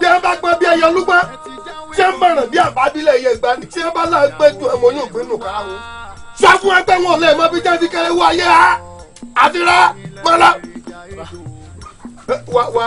bí ẹ bá gbọ́ bí ẹ yọ lúgbọ́n tí ẹ mọ̀ràn bí àbábílẹ̀ yẹ gbà ní tí ẹ bá láà gbé ju ẹ̀mọ́ yóò gbé nù kára wọn. sọ fún ẹgbẹ́ wọn lẹ́ẹ̀ mọ́ bí jáde kẹrẹ wọ ayé ha àti rà mọ́lá. wa wa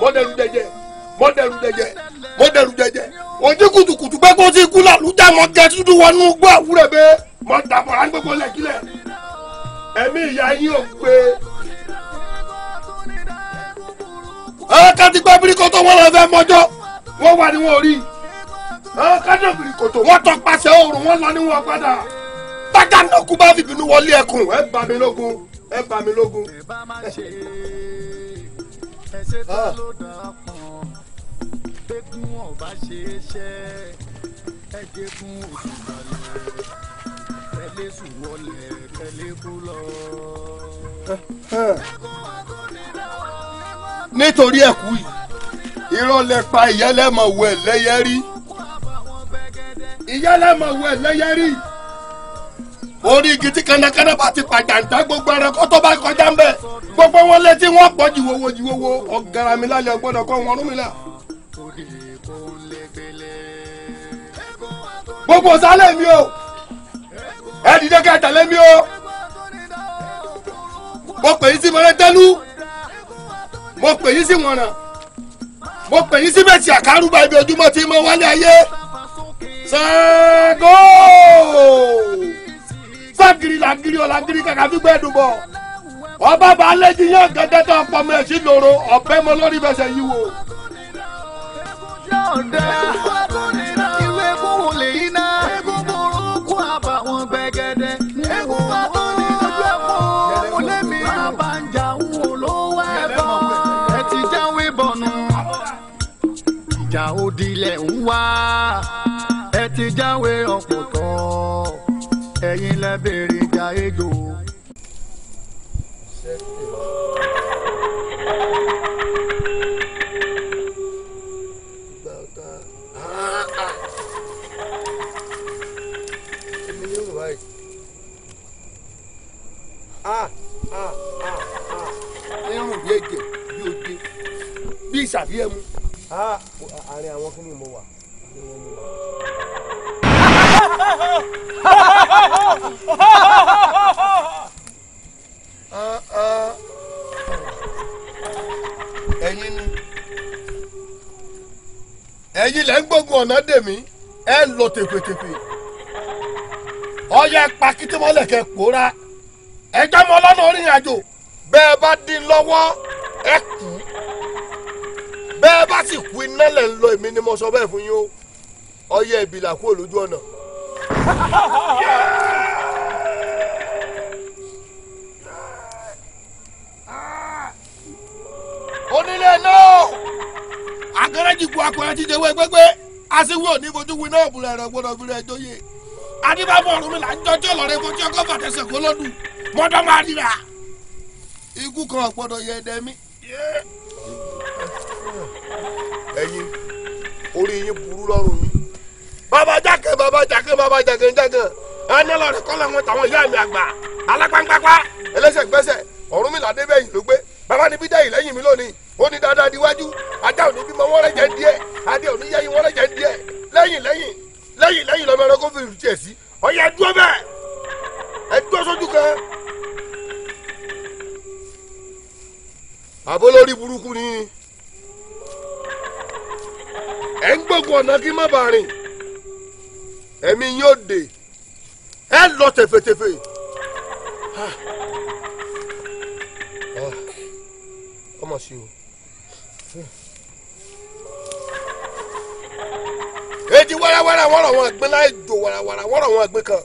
mo dẹrù jẹjẹ mo dẹrù jẹjẹ mo dẹrù jẹjẹ òjì kùtùkùtù pé kó ti kú làlùjá mọ jẹ dúdú wọnú gbọ àwúrẹ bẹ mọ dàbọrà ń gbẹgbọ lẹkílẹ ẹmí ìyá yín ò pé. àwọn kan ti gbọ́ bíríkọ́tọ̀ wọn lọ fẹ́ mọ́jọ́ wọ́n wà ní wọn rí àwọn kan náà bíríkọ́tọ̀ wọn oòrùn wọn lọ ní wọn padà bákan náà kú bá fìbínú wọlé ẹkùn ẹ bá mi lógun ẹ bá mi lógun ẹ̀ṣẹ̀ tó ah. ló dà pọ̀n tẹ́kùn ọ̀bá ṣe é ṣẹ́ ẹ̀jẹ̀ fún òṣùmọ̀lẹ̀ tẹ́lẹ̀ sùwọ́lẹ̀ tẹ́lẹ̀ kú lọ. nítorí ẹ̀kú yìí irọ́ pa ìyálẹ́mọ̀ wẹ̀ lẹ́yẹ́rí ìyálẹ́mọ̀ wẹ̀ lẹ́yẹ́rí orí igi tí kánnakánná bá ti pàjàǹtà gbogbo ẹranko tó bá kọjá ń bẹ gbogbo wọn létí wọn pọ̀ jìwòwò jìwòwò ọ̀gára mi lálẹ́ ọgbọ́dọ̀ kọ́ wọn rúmi là. gbogbo sálẹ̀ mi o ẹ dìde ká mi o mo pè yín sí mọ́rẹ́tẹ́lú mo pè yín sí wọ̀nà mo pè yín sí bẹ́ẹ̀sì àkárùbá ibi ojúmọ́ tí mo wálé ayé Ṣàngó fagiri lagiri ọlagiri kàkà fi gbẹ dùn bọ ọba balẹ̀jì yàn gẹ́gẹ́ tó ọpọmọ ẹ̀ sí lòrò ọ̀bẹ mọ lórí bẹsẹ̀ yìí wò. ìjà òdìlẹ̀ ń wá ẹ ti jáwé ọ̀pọ̀ ẹ béèrè ìjà ejò. irun ah, ah, ah, bí èjè bí oje bí ìsàbí ẹmu. àárín àwọn kí ni mo wà ẹ̀yin ni ẹ̀yin lẹ́ ń gbógun ọ̀nà dèmí ẹ̀ ń lọ tèpètèpè ọyẹ pa kìtìmọ́lẹ̀ kẹ́ mọ lọ́nà orin àjò bẹ́ẹ̀ bá dín lọ́wọ́ ẹ kú bẹ́ẹ̀ bá sì kú iná lẹ̀ ń lọ èmi ni mo sọ bẹ́ẹ̀ fún yín o ọyẹ ìbìlà kúrò lójú ọ̀nà onílé náà agẹrẹjì kú akọrin jíjẹ wẹ gbẹgbẹ asiwu òní fojú wí náà bùrẹ rẹ gbọ́dọ̀ fi rẹ jóye adébáfọ ọrùn mi là ń jọjọ lọrẹ fojú ọgọ fàtẹsẹ kó mọdọ máa rira ikú kan gbọ́dọ̀ yẹ ẹdẹ mi. ẹ̀yin orí yín burú lọ́rùn mi. baba jákè baba jákè bàbá jákè jákè ẹni lọrẹ kọlẹ wọn tàwọn ìyá mi àgbà alápáńpápá ẹlẹ́sẹ̀ gbẹ́sẹ̀ ọ̀run mi là débẹ̀ yìí ló gbé bàbá níbi dá yìí lẹ́yìn mi lónìí ó ní dáadáa diwájú ajá òní bímọ wọ́rẹ́ jẹ́ díẹ̀ adé òní yẹ́yìn sí sójú kan. burúkú ni ń gbógun ọ̀nà kí má bàa rìn. ẹ̀mí yín ò dé ẹ lọ tẹ̀fẹ̀tẹ̀fẹ̀. Ah. ọmọ sí o. èjì wárawára wọ́rọ̀ wọn àgbẹ̀ láì jò wárawára wọ́rọ̀ wọn àgbẹ̀ kan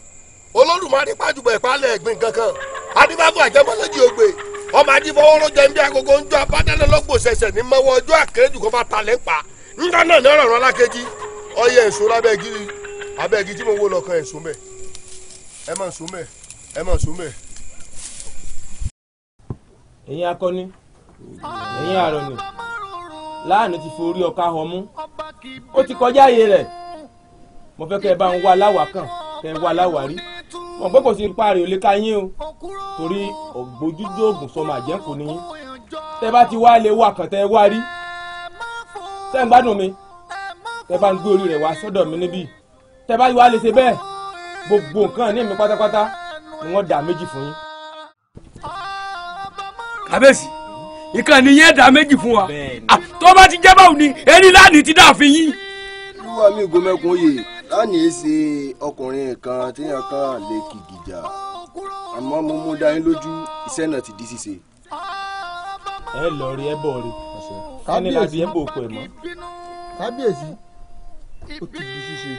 olódùmarè pàjùbọ̀ ìpalẹ̀ ẹ̀gbìn kankan adébáfọ̀ àjẹmọ́lẹ́jì ògbè ọmọ adìfọwọ́rọ́ jẹ́ bí agogo ń jọ abádánilọ́gbò ṣẹ̀ṣẹ̀ ní mọ́wọ́ ọjọ́ àkẹ́jù kó bá talẹ̀ pa ńlá náà ní ọ̀rọ̀ ọ̀rọ̀ alákejì ọyẹ èso lábẹ́ gírí abẹ́gi tí mo wó lọ ẹ̀ sùn ẹ máa sùn ẹ máa sùn ẹ̀yin akọni ẹ̀yin àrọ̀nì láàánú ti forí ọ̀ka hàn mú ó ti kọjá ààyè rẹ̀ mo fẹ́ kẹ́ ẹ bá ń wá aláwàkàn kẹ́ ẹ wá aláwàrí mọ̀ pé kò sí ipa rẹ̀ ò lè ka yín o torí ògbójújú oògùn sọmọ àjẹ́kù ni yín tẹ́ bá ti wá lè wá kàn tẹ́ wá rí tẹ́ ń gbádùn mi tẹ́ bá ń gbé orí rẹ̀ wá sọ́dọ̀ mi níbí tẹ bá yọ wá lè ṣe bẹ́ẹ̀ gbogbo nǹkan ní mi pátápátá ni wọ́n dà méjì fún yín. kábẹ́sì ìkànnì yẹn dà méjì fún wa ah, tó bá ti jẹ́ báwo ni ẹni lánìí ti dà fi yín. olúwa mi gomẹkun oyè lánìí ṣe ọkùnrin kan téèyàn kan lè kìkìjà àmọ́ mo mú dání lójú iṣẹ́ náà ti di ṣíṣe. ẹ lọ rí ẹ bọ rí ẹni láti ẹ bò pẹ mọ. kábíyèsí ó ti di ṣíṣe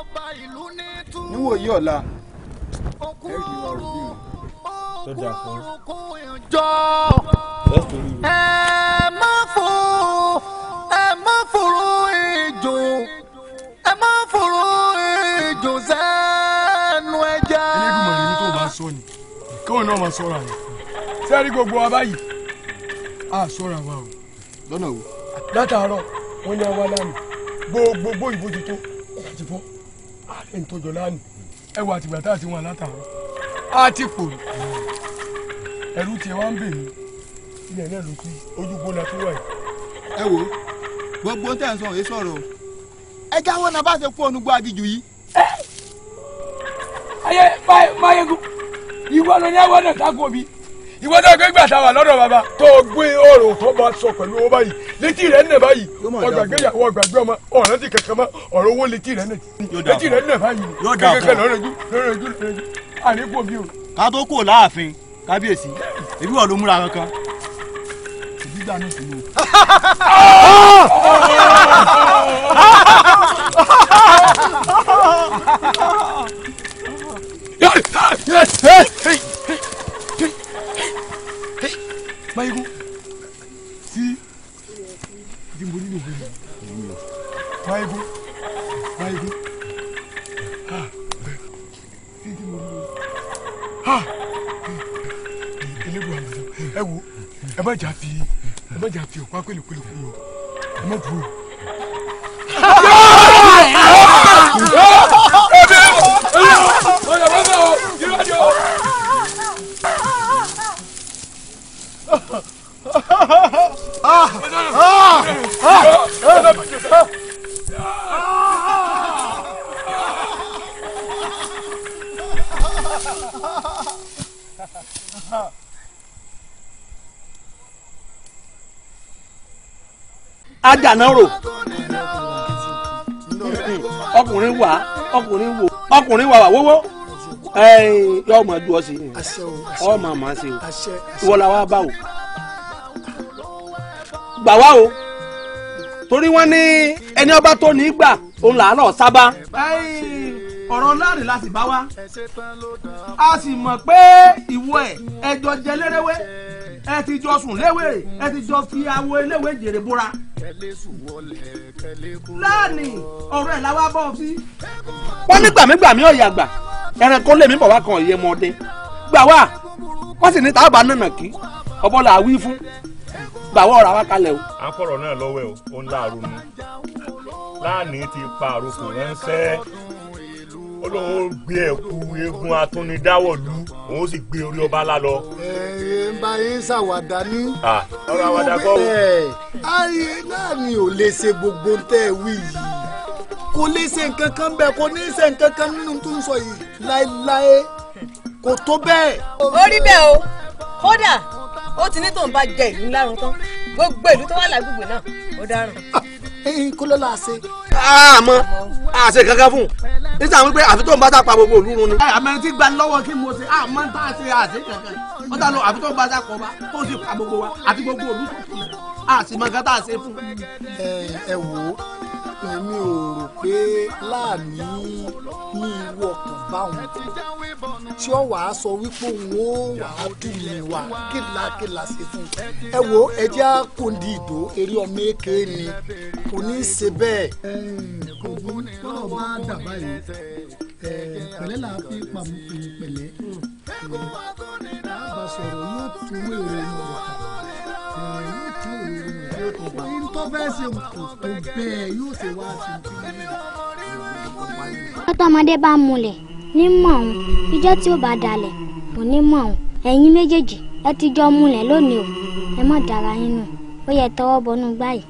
ọba ìlú ní tú. níwòye ọ̀la ẹ̀rí ọ̀rọ̀ bí wọn tó dà ẹ má fò ẹ má fòrò ìjò ẹ má fòrò ìjò sẹ́nu ẹja. ẹlẹ́gùn mọ̀lẹ́ ní kò bá sọ ni kóun náà máa sọ̀rọ̀ àwọn sẹ́ẹ̀rí gbogbo wa báyìí a sọ̀rọ̀ àwa o. lọ́nà wo. látàárọ̀ wọ́n ní àwa lánàá gbogbogbò ìbòjútó àti bọ́ ntọ́jọ́ lánìí ẹ wà àtìgbà tá a ti wọn látàrọ á ti pò ẹrú tiẹ̀ wá ń bè mí ilẹ̀ náà ló ti ojú gbóná tó wà yìí. ẹ wo gbogbo tẹ̀ ń sọ èyí sọ̀rọ̀ o ẹ jáwọ́ náà bá ṣe kú ònúgbó agijù yìí. ayé máyégún ìwọ ló ní àwọn ọ̀nà ìdágò mi ìwọ náà gbégbà tá a wà lọ́dọ̀ bàbá tó o gbé ọ̀rọ̀ tó bá sọ pẹ̀lú owó báyìí létí rẹ̀ nà báyìí ọgbàgbé ìyàwó ọgbàgbé ọmọ ọ̀rẹ́ ti kẹ̀kẹ́ mọ́ ọ̀rọ̀ owó létí rẹ̀ nà létí rẹ̀ nà báyìí kẹ̀kẹ́ lọ́rẹ́jú lọ́rẹ́jú lọ́rẹ́jú àníkò bí o. ká tó kò láàfin kábíyèsí èmi wà ló múra kankan. ìdígbà náà sì ni o. Hey! bayiku si jimboli de bolo bayiku bayiku ha si jimboli de ha ele bu amadu ẹ wo ẹ má jà fi ẹ má jà fi o pa pẹ̀lẹ́ pẹ̀lẹ́ fún mi o ẹ jàná rò ọkùnrin wà ọkùnrin wò ọkùnrin wà wà wówó yóò máa ju ọ sí ọ máa máa ṣe o ìwọ la wá bá o gbà wá o torí wọn ní ẹni ọba tó ní gbà òun làálọ sábà ọ̀rọ̀ láàrin la sì bá wa a sì mọ̀ pé ìwọ ẹ̀ ẹjọ́ jẹ lérewé ẹ ti jọ sùn léwèrè ẹ ti jọ fi awo eléwé jèrè bóra láàní ọ̀rọ̀ ẹ̀ làwọn abọ́ sí. wọ́n ní gbàmígbàmí ọ̀yà gbà ẹranko lèmi bọ̀ wá kan ọ̀yẹ́ mọ́dé gbà wá wọ́n sì ní tábà nànà kí ọbọ̀ là á wí fún gbà wá ọ̀rọ̀ àwa kalẹ̀ o. akọ̀rọ̀ náà lọ́wọ́ ẹ̀ o ń láàrú mu láàní ti pa àròkò ránṣẹ́ olóhùn gbé ẹ̀kú eégún atúnidáwọ̀lú òun sì gbé orí ọba lá lọ. ẹ ẹ ń bá yín ṣàwàdà ní. ọ̀rọ̀ àwàdà kọ́ o. ayé náà ni ò lè ṣe gbogbo tẹ́ ẹ wí yìí kò lè ṣe nǹkan kan bẹ́ẹ̀ kò ní ṣe nǹkan kan nínú tó ń sọ yìí láéláé kò tó bẹ́ẹ̀. ó rí bẹ́ẹ̀ o kódà ó ti ní tóun bá jẹ ìlú ńlárun tán gbogbo ìlú tó wà lágbègbè náà ó dáràn. kó ló la ṣe. àmọ́ àṣe kankan fún un níta wípé àfi tó ń bá sápa gbogbo òlú run ni. àmọ́ ti gba lọ́wọ́ kí mo ṣe àmọ́ tá a ṣe àṣe kankan wọ́n ta lọ àfi tó ń bá sápa ọba tó ṣe pa gbogbo wa àti gbogbo òlú tó kù àṣìmọ̀ kan tá a ṣe fún. ẹ ẹ wò ó èmi ò rò pé láàmì ní irú ọkàn báwọn tí ó wàá sọ wípé òun ó wàá dùn mí wá kílàkílà sí fún un ẹ wo ẹjẹ àkòndì ìdò eré ọmọ èké ni kò ní í ṣe bẹ́ẹ̀. kò burú kọ́lọ̀ bá dàbá yìí pẹ̀lẹ́ là á fi pàmò pẹ̀lẹ́ pẹ̀lẹ́ bá sọ̀rọ̀ yóò tún wéèrè ní ọ̀rọ̀ kan kò gbà tó bẹ́ẹ̀ ṣe kò i. tọ́tọ́mọdé bá múlẹ̀ ní mọ̀ ọ́n ìjọ́ tí ó bá dalẹ̀ kò ní mọ̀ ọ́n ẹ̀yin méjèèjì ẹ ti jọ múlẹ̀ lónìí o ẹ má dára yín ó yẹ tọwọ́ bọnú gbáyìí.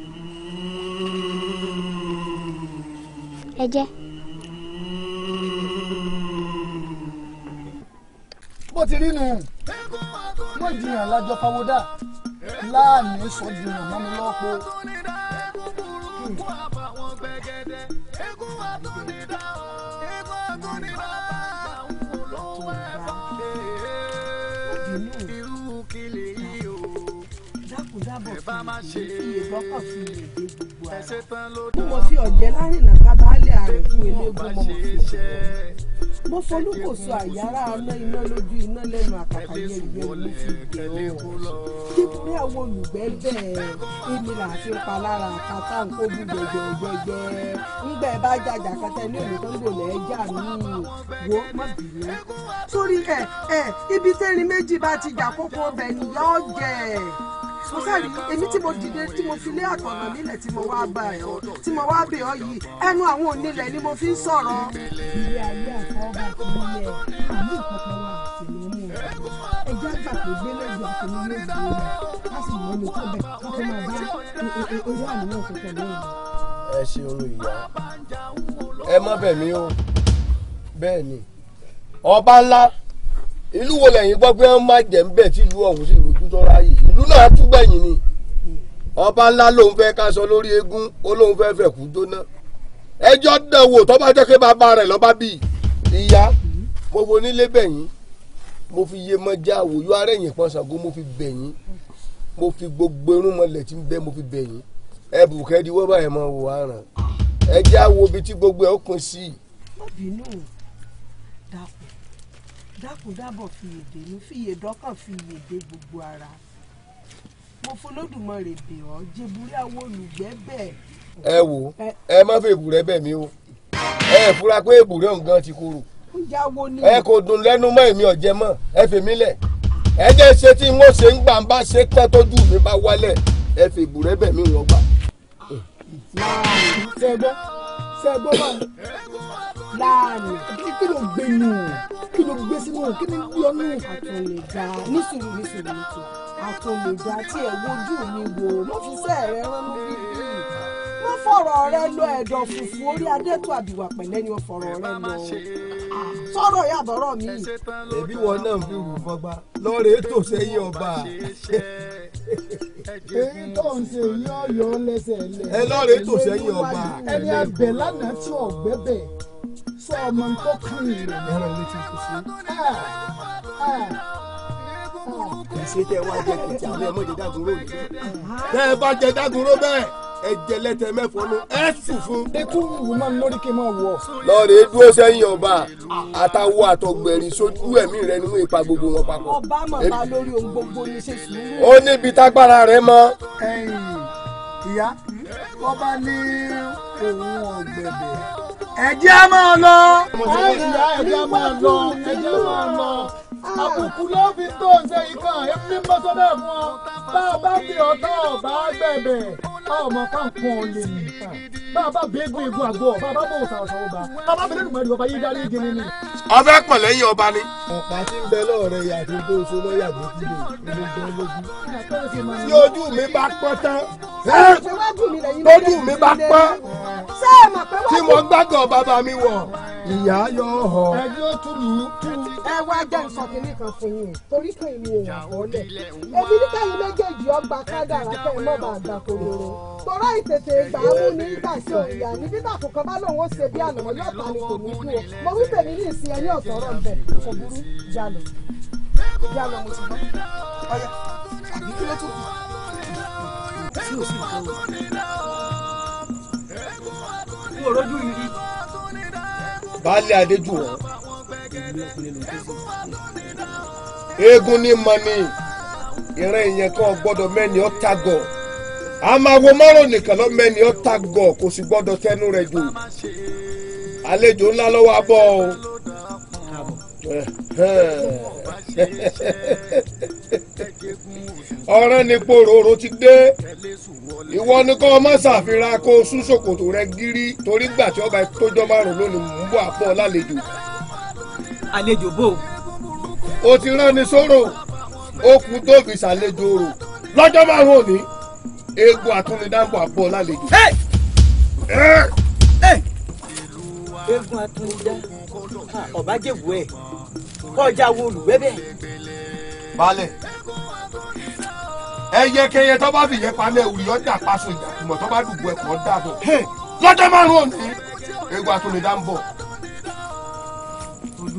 ẹ jẹ́. bó ti rí nù mọ́ jiyàn lájọ fáwọ́dà láàánú sọ́jú rẹ̀ mọ́ mi lọ́pọ̀. Hmm. mo mọ̀ sí ọ̀jẹ̀ lárìnà kábàálẹ̀ àrẹ̀ fún eléegun mo mọ̀ sí ìṣẹ́ mo folúkòso àyàrá aná iná lójú iná lẹ́nu àkàkà yẹn ìgbẹ́ ló fi bẹ̀ ọ́ kíkúrẹ́ àwọn olùgbẹ́ bẹ́ẹ̀ èmi là á pa lára àkàtà nǹkó bú gbẹgbẹgbẹ ńgbẹ́ bá jàjà kẹtẹ ní èmi tó ń gbò lẹ́jà mí wò má bìí sórí ẹ ẹ ibi tẹ́rin méjì bá ti jà kókó bẹ̀ ni yọ́ọ́ jẹ́ ẹ̀ mo sáré èmi tí mo dìde tí mo fi lé àtọ̀nà nílẹ̀ tí mo wá bá ẹ̀ ọ́ tí mo wá bẹ̀ ọ́ yìí ẹnu àwọn onílẹ̀ ni mo fi ń sọ̀rọ̀. ilé ayé àfọwọ́bà ti lulẹ̀ àmì ìkọ̀kọ̀ wa sì ló mú un àgbà tó gbé lẹ́jọ́ àtẹ̀lé lẹ́jọ́ rẹ̀ a sì mọ̀ ní kó bẹ̀ kó tó máa bá eré àníyàn kọ̀ọ̀kan náà. ẹ ṣeun ìyá ẹ mọ́ bẹ̀ mí o bẹ́ẹ̀ ni ọba ńlá ìlú wo lẹ́yìn gbọ́ pé wọ́n máa jẹ́ ń bẹ̀ tí ìlú ọ̀hún sì rojú tọ́ra yìí ìlú náà túgbẹ̀yìn ni ọba ńlá lòun fẹ́ ká sọ lórí eégún ó lòun fẹ́ fẹ́ kú jóná ẹjọ́ dán wò tó bá jẹ́ pé bàbá rẹ̀ lọ́ba bíi ìyá mo wo nílé bẹ̀yìn mo fi yé mọ já àwòyọ ara ẹ̀yìn pọ́n Ṣàngó mo fi bẹ̀yìn mo fi gbogbo irun mọlẹ̀ tí ń bẹ mo fi bẹ̀yìn ẹ bùkẹ́ di wọ́n báyìí mọ wò àràn ẹ já wo ibi tí gbogbo ẹ̀ ó kún sí i dákúndábọ̀ fi èdè ní fi èdọ́kàn fi èdè gbogbo ara mo folódùmarè bè ọ́ jébúrí àwọn olùgbẹ́bẹ̀. ẹ wo ẹ má fi èbùrẹ́ bẹ̀ mí o ẹ fura pé èbùrẹ́ nǹkan ti korò ẹ kò dùn lẹ́nu mọ́ èmi ọ̀jẹ̀ mọ́ ẹ fèmí lẹ̀ ẹ jẹ́ ṣe tí mo ṣe ń gbà ń bá ṣe tán tójú mi bá wálẹ̀ ẹ fèbùrẹ́ bẹ̀ mí wọ́n gbà ṣe gbọ́ bá láàánú kí ló gbé nù kí ló gbé sínú kí ni gbé ọ nù. àtọ̀lẹ̀dá nísìnyí nísìnyí nìkan àtọ̀lẹ̀dá tí ẹ̀ wojú mi wò ló fi sẹ́ rẹ rán mi bíbí wọ́n fọ̀rọ̀ rẹ lọ ẹ̀dọ̀ fùfú orí adétò àbíwá pẹ̀lẹ́ ni wọ́n fọ̀rọ̀ rẹ lọ sọ̀rọ̀ yàtọ̀rọ̀ mi. ẹbí wọn náà fi wù fọgbà lọ́ọ̀rẹ́ tòṣẹ́yìn ọba. èyí tó ń ṣe yí ọ̀yọ́ lẹ́sẹ̀ lẹ̀. ẹ lọ́ọ̀rẹ́ tò sẹ́yìn ọba. ẹni abẹ lánàá tí ọ̀gbẹ́ bẹ̀ sọ ọmọ tó kàn yìí rẹ̀. ẹ rẹ̀ létí kò sí. ẹ ṣe tẹ wá jẹ kìtì àwọn ọmọdé dágúró yìí. tẹ ẹ bá jẹ dágúró bẹ́ẹ̀ ẹ̀jẹ̀ lẹ́tẹ̀ mẹ́fọ́ ló ẹ̀ funfun. ètò wù máa ń lórí kí n máa wọ̀. lọ́ọ̀rẹ́ dúró sẹ́yìn ọba àtàwọ̀ àtọ̀gbẹ̀rì sójú ẹ̀mí rẹ nínú ipa gbogbo wọn papọ̀. ọba màmá lórí ohun gbogbo ní ṣe sùúrù. ó níbi tágbára rẹ mọ. ìyá wọn ní òun ọ̀gbẹ̀dẹ̀ ẹ̀jẹ̀ máa lọ. ẹ̀jẹ̀ máa lọ ẹ̀jẹ̀ máa lọ àbùkù ló fi tó ṣe ikán èmi mo sọ bẹ́ẹ̀ fún ọ bá a bá fi ọ̀tọ̀ ọ̀bá gbẹ̀bẹ̀ ọmọ káàkùn olè nìkan bá a bá bẹ egun egun àgọ́ bá a bá bọ òòsà ọ̀sán ọba bá a bá bẹ̀rẹ̀ lùmọ̀ọ́dù ọba yìí dárí gẹ́gẹ́ ni. ọbẹ̀ pọ̀ lẹ́yìn ọba ni. ọ̀pá tí ń bẹ lọ́ọ̀rẹ́ yàtí tó so lọ́ọ̀yà tó kí lè ológun ológun. tí ojú mi bá pọ́n tán lójú mi bá pọ́n tí mo gbàgọ̀ bàbá mi wọ̀ ìyá yọ̀ ọ́. ẹjọ́ tún mi tú ẹ wá jẹ́ nǹkan kìíní kan fún yín torí pé ìlú òun àkọọ́lẹ̀ èmi ní káyọ̀ méjèèjì ọgbà kádàrá kẹ́ ẹ mọ̀bà àgbà kòròrò tọ́lá ìtètè ìgbà mú ní ìgbà sí òyìnbá ní bíbà kò kan bá lòun ó ṣe bí ànàmọ́ yóò ta ni kò ní kú o mo wí pèmí ní ìsìn ẹni ọ̀tọ̀ ọ̀rọ̀ ń bẹ̀ kò burú jalè jalè mo ti gbọ́ ọ̀yà àbí kí ló tún kù sí òsì kan o. n ò rójú yìí rí. baálé adéjú wọn. eégún ní mani ìran ìyẹn kan gbọdọ mẹ́ni ọ tagọ̀ amawo mọ́rọ̀ nìkan lọ mẹ́ni ọ́ tagọ̀ kò sì gbọ́dọ̀ tẹnu rẹ̀ jù àlejò ńlá o. ti dé ìwọ ni kọ́ ọmọ ṣàfihàn kó sún ṣòkòtò rẹ gírí torí gbà tí ọba tó jọ márùn lónìí àpọ̀ lálejò. àlejò bò. o ti rán ni sóró okùn tó fi ṣàlejò rò lọ́jọ́ márùn òní egbò egun kọjá wo olùwẹ́bẹ̀. balẹ̀ ẹyẹkẹyẹ tó bá fìyẹ pamẹ́ òwúrì ọjà paṣọ ìjà tó bá ẹ̀kọ́ dàbọ̀ lọ́jọ́ márùn òní egun ń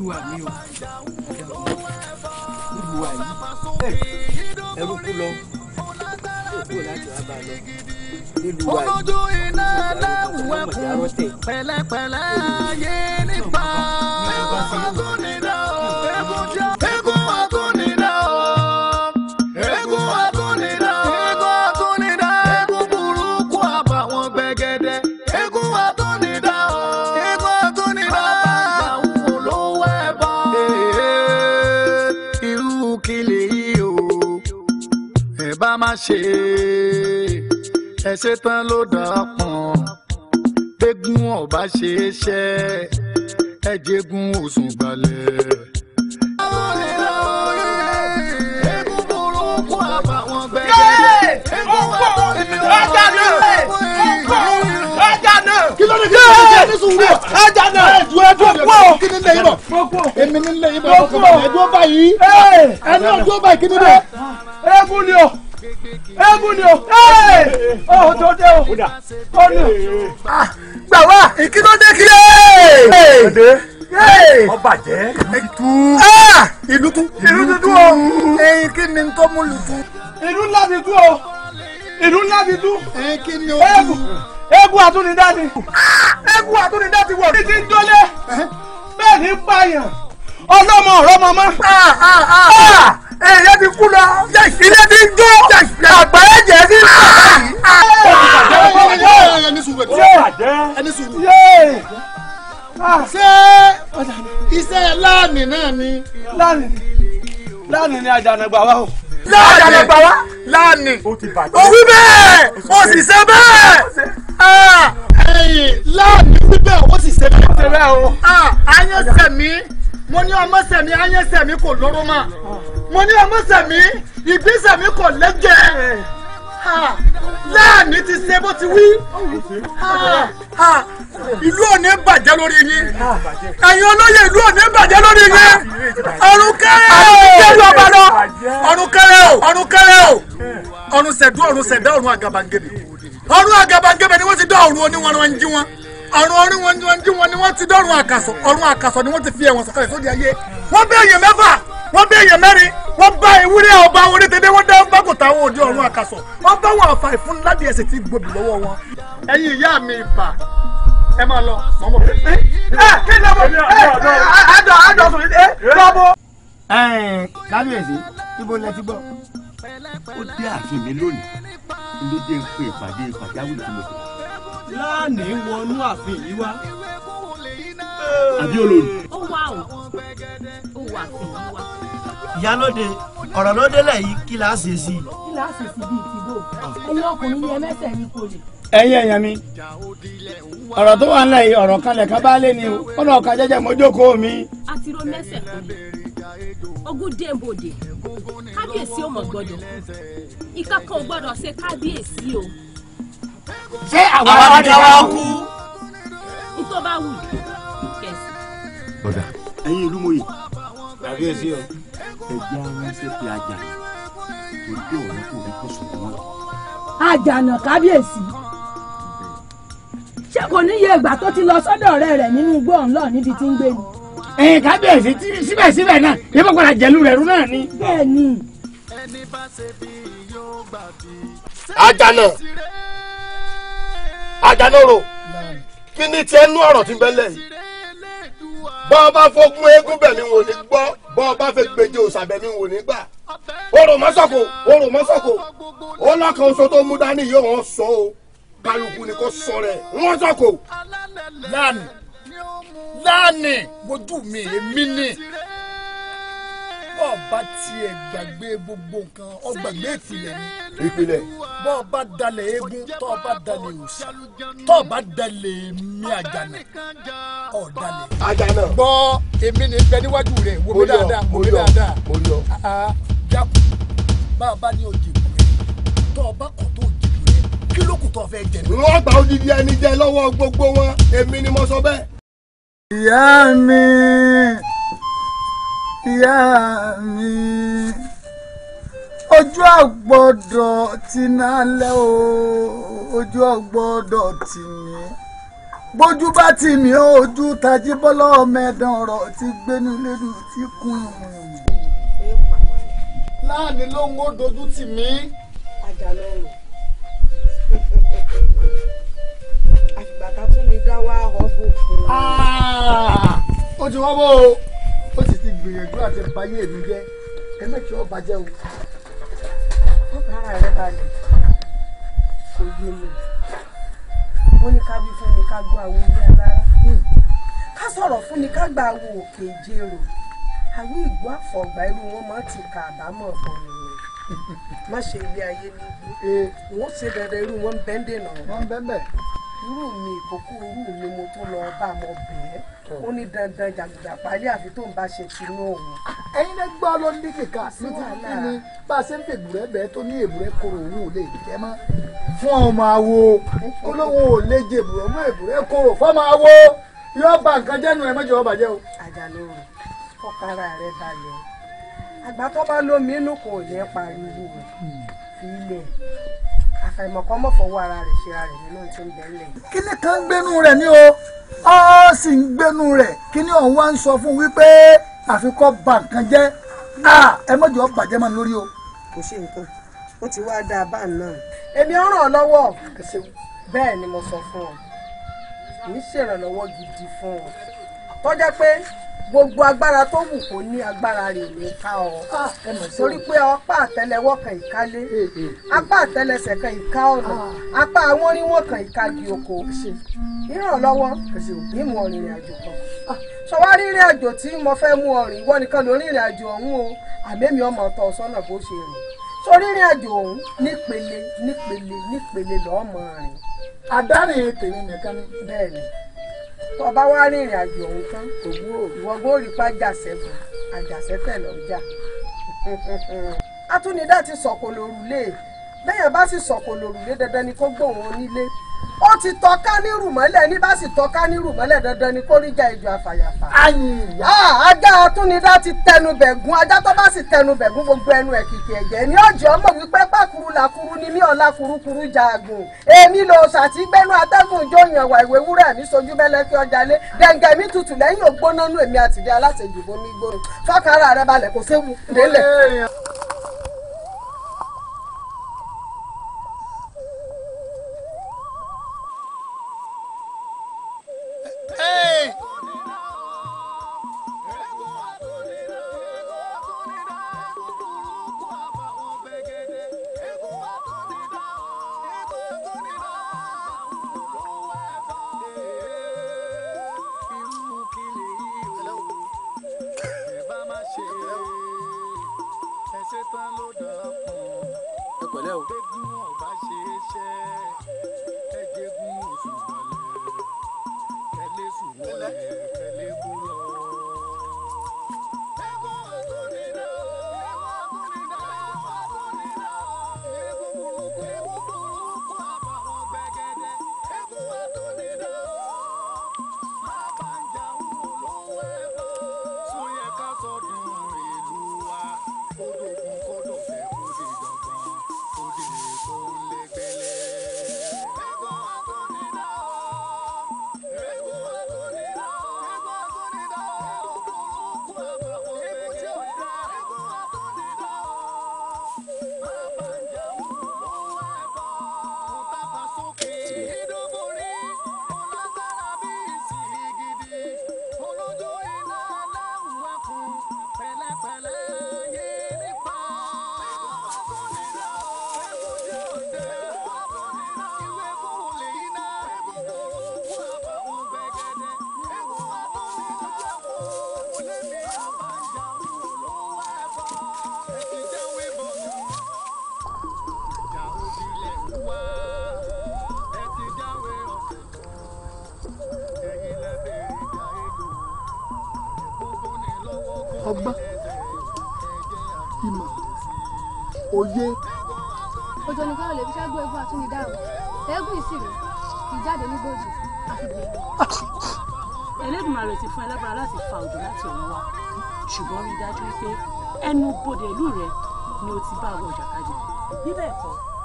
olúwa mi o olúwa yìí ẹrú kú lọ a lọ olójú iná láwùwẹ̀kùn pẹ̀lẹ́pẹ̀lẹ́ yé nípa ọ̀gọ́dọ̀. ṣe ẹ̀ṣẹ̀ tán ló dáa pọ̀n gbẹ́gun ọba ṣe é ṣẹ́ ẹ̀jẹ̀gun òsùn gbalẹ̀. ajá náà ẹ̀dùn ẹ̀dùn ọ̀pọ̀ kí ni lè yín bọ̀ èmi ni lè yín bọ̀ ọkọ̀ ẹ̀dùn ọ̀pọ̀ yìí ẹni ọ̀dùn ọ̀pọ̀ yìí kí ni lè. eégún ni o eégún ni o ọ̀hún oh, tó dé o ó ní o. Ah, gbà wá ìkílódé kílẹ̀ ọbàjẹ́ ìlú ìlú ah, tún ìlú tuntun o ẹyin kí ni tó mú ìlú tún. ìlú ńlá ti tú o ìlú ńlá ti tú. ẹyin kí ni o tú. eégún ni eégún ah, àtúnidá ti wọ̀. títí ń dọ́lé bẹ́ẹ̀ ni pààyàn ọlọ́mọ ọ̀rọ̀ mọ́mọ́. ẹ̀yẹ ah, ah, ah. eh, ti kú lọ ilé ti jó àgbà ẹ̀jẹ̀ ti sọ. ẹni sùn ṣé iṣẹ́ láàmì náà ni. láàmì láàmì ni àjànàgbà wa o láàánì àjàlẹ̀ gbà wá láàánì ó wí bẹ́ẹ̀ ó sì ṣe bẹ́ẹ̀ ẹ̀yìn láàánì wí bẹ́ẹ̀ ó sì ṣe bẹ́ẹ̀. ayé sẹ̀mí mo ní ọmọ sẹ̀mí ayé sẹ̀mí kò lóró mọ́ mo ní ọmọ sẹ̀mí ìgbín sẹ̀mí kò lẹ́jẹ̀ láàmì ti ṣe bó ti wí ìlú òní bàjẹ́ lórí yín ẹ̀yin olóyè ìlú òní bàjẹ́ lórí yín ọ̀run kẹrẹ o ọ̀run kẹrẹ o ọ̀run kẹrẹ o ọ̀run sẹ̀dú ọ̀run sẹ̀dá ọ̀run àgàbàǹgẹ̀bẹ̀ ọ̀run àgàbàǹgẹ̀bẹ̀ ni wọ́n ti dá ọ̀run oníwọ̀n wọn jí wọn àrùn ọrùn wọn ni wọn ni wọn ni wọn ti dọ̀rùn àkàsọ̀ ọrùn àkàsọ̀ ni wọn ti fi ẹ̀wọ̀n sọ̀kalẹ̀ sóde ayé wọn bẹ èèyàn mẹ́fà wọn bẹ èèyàn mẹ́rin wọn bá ewúrẹ́ ọba orí tẹdẹ wọn dá wọn bá kòtà àwọn òde ọrùn àkàsọ̀ wọn bá wọn àfàì fún ládìí ẹsẹ̀ tí gbòbí lọ́wọ́ wọn. ẹ̀yin ìyá mi ìbà ẹ máa lọ mọmọ pé. ẹ kí ni ọmọ ẹ àjọ àjọ sọ ẹ lọ́mọ. ẹ kábíyèsí ibo lẹ ti gbọ́. ó dé àfin mi lónìí ló dé ń pè ìpàdé pàjáwìrì tí mo pè é láàánú wọnú ààfin yìí wá. àbí ó wà ó ó wà ààfin yìí wá. ìyálóde ọ̀rọ̀ ló délẹ̀ yìí esi. kilaasi sí i. kí sí ni ẹ m'ese ní kò lè. ẹ̀yin mi ọ̀rọ̀ tó wà nílẹ̀ yìí ọ̀rọ̀ kalẹ̀ ká bá lé ni o ọ̀nà ọ̀ka jẹ́jẹ́ o mi. a ti ro mẹ́sẹ̀ kò kábíyèsí ò mọ̀ gbọ́dọ̀ gbọ́dọ̀ ṣe o. ṣé àwọn àwàdà wa kú. tó bá wù kẹsì. bọ́dà ẹ̀yin ìlú mòye tàbí ẹ̀ sí ọ. ẹgbẹ́ àwọn ṣe fi àjànà tó dé òun kò rí kó sùn wọn. àjànà kábíyèsí ṣé kò ní iye ìgbà tó ti lọ sọ́dọ̀ ọ̀rẹ́ rẹ̀ nínú igbó ọ̀nlọ́ níbi tí ń gbé ni. ẹ̀yin kábíyèsí síbẹ̀síbẹ̀ náà yóò bá padà jẹ̀lú rẹ̀ rú náà ni. bẹ́ẹ̀ ni. àjànà àjànàrò kí ni tiẹ̀ nú ọ̀rọ̀ tí ń bẹ lẹ́yìn bọ́ ọ bá fọ́kún eégún bẹ̀mí wò ní gbọ́ bọ́ ọ bá fẹ́ gbèjì òòṣà bẹ̀mí wò ní gbà orò mọ́sọ̀kò orò mọ́sọ̀kò ó tó mú dání yóò wọ́n sọ o kálukú ni kò sọ rẹ̀ wọ́n sọ̀kò. láàánì láàánì mojú mi èmi ni bọ́ ọba tiẹ̀ gbàgbé gbogbo nǹkan ọ gbàgbé ìpìlẹ̀ ni. ìpìlẹ̀. bọ́ ọba dalẹ̀ eégún tọ́ ọba dalẹ̀ òòṣà tọ́ ọba dalẹ̀ mi àjànà ọ̀ dalẹ̀. àjànà. gbọ́ èmi ní bẹ níwájú rẹ̀ wo mi dáadáa wo mi dáadáa. mo yọ mo yọ. jákù bá a bá ní òjì kù rẹ̀ tọ́ ọba kọ̀ tó òjì kù rẹ̀ kí ló kù tọ́ fẹ́ jẹ. wọ́n gba odidi ẹni jẹ lọ́wọ́ gbogbo wọn èmi ni mo sọ bẹ́ẹ̀. ìyá mi ìyá mi ojú àgbọ̀dọ̀ ti náà lẹ́ o ojú àgbọ̀dọ̀ tì mí bójú bá tì mí ojú tají bọ́lá ọmọdán ọ̀rọ̀ ti gbénu lẹ́nu ti kún un. láàánú ló ń dojú tì mí. àjàlọ rò àfìgbà ká tún lè dá wá ọ̀bùn fún un. Ah, ó ti wọ́n bó o gbìyànjú àti báyé èmi jẹ́ ẹ mẹ́tì ọba jẹ́ o ọkàn ara rẹ balẹ̀ kò yé mi ó ní ká bí fún ni ká gbọ́ àwọn ilé alára ká sọ̀rọ̀ fún ni ká gba àwọn òkè ìjérò àwọn ìgbó àfọ̀gbà irú wọn máa ti kà àbámọ̀ bọ̀ nìyẹn má ṣe ilé ayé nígbó eh. wọn ṣe dandan irú wọn bẹ́ẹ̀ dènà wọn bẹ́ẹ̀ bẹ́ẹ̀ irú mi ìkókó irú mi mo tó lọ bá mọ bẹ́ẹ̀ ó ní dandan jàgùdàpá ilé àfi tó ń bá ṣe tinú òun. ẹ̀yin lè gbọ́ ló ń dín kíkà sí ti ní bá a ṣe ń fègbúrẹ́ bẹ́ẹ̀ tó ní èbúrẹ́ koro òun ò lè jẹ́ mọ́ fún ọmọ awo olówó ò lè jẹ èbúrẹ́ mọ́ èbúrẹ́ koro fọmọ awo yóò ba nǹkan jẹ́nu ẹ̀ mọ́jọ́ bàjẹ́ o. àjàló rẹ fọkàrà rẹ balẹ̀ àgbà tó bá lómi inú kò yẹ pariwo rẹ hmm àìmọ̀kan mọ̀ fọwọ́ ara rẹ̀ ṣe ara rẹ̀ nínú tí ń bẹ ńlẹ̀. kíní kan ń gbénu rẹ̀ ní o ó sì ń gbénu rẹ̀ kíní ọ̀hún wá ń sọ fún wípé àfikọ́ bà nǹkan jẹ́ ẹ mọ̀jọ́ bàjẹ́ mọ́ lórí o. kò ṣe nǹkan ó ti wá dáa bá náà. èmi ń ràn lọ́wọ́ bẹ́ẹ̀ ni mo sọ fún ọ mi ṣèrànlọ́wọ́ gidi fún ọ tọ́jà pé gbogbo agbára tó wù kó ní agbára rẹ̀ lè ká ọ torí ah. pé apá àtẹ́lẹwọ́ kan ìkálé eh, eh, eh. apá àtẹ́lẹsẹ̀ kan ìká ọ̀nà ah. apá àwọn oríwọ̀n kan ìkági oko ìrànlọ́wọ́ ìmú ọ̀rìnrìn àjò kan ah. sọwárí ìrìn àjò tí mo fẹ́ mú ọ̀rìn ìwọ nìkan lórí ìrìn àjò ọ̀hún o àmẹ́mi ọmọ ọ̀tọ̀ sọ́nà bó ṣe rìn sórí ìrìn àjò ọ̀hún nípele nípele nípele lọ́ọ́ mọ̀ rìn adárìn tèmi nìkan ni. bẹ́ẹ̀ni tó o bá wá rin ìrìn àjò ọ̀hún tán kò gbúrò ìwọ gbóòrì pa jàṣẹ́gun àjàṣẹ́tẹ̀ lọ jà. atúnidá ti sọ̀kò lórùlé bẹ́ẹ̀ bá sì sọ̀kò lórùlé dandan ni kó gbóhùn onílé ó ti tọ́ká ní rùmọ́lẹ̀ ní bá sì tọ́ká ní rùmọ́lẹ̀ dandan ni kórìíjà ìjọ àfàyàfà. ajá atúnidá ti tẹnu bẹ̀gún ajá tó bá sì tẹnu bẹ̀gún gbogbo ẹnu ẹ̀ kìkì ẹ̀jẹ̀ ní ọjọ́ ọmọ wípé pàkúrú làkúrú ni mí ọ̀la kurukuru jaagun èmi lò ṣàtìgbẹ́nu atẹ́gùn ìjọ ìyànwá ìwé wúrà mi sojú mẹ́lẹ́kẹ́ ọjà lé dẹ̀ǹgẹ̀ mi tutù lẹ́yìn ògbónánú èmi àtìdí aláṣejù bomi gbòòrò fọ́kàrà rẹ balẹ̀ kò séwu délẹ̀. valeu!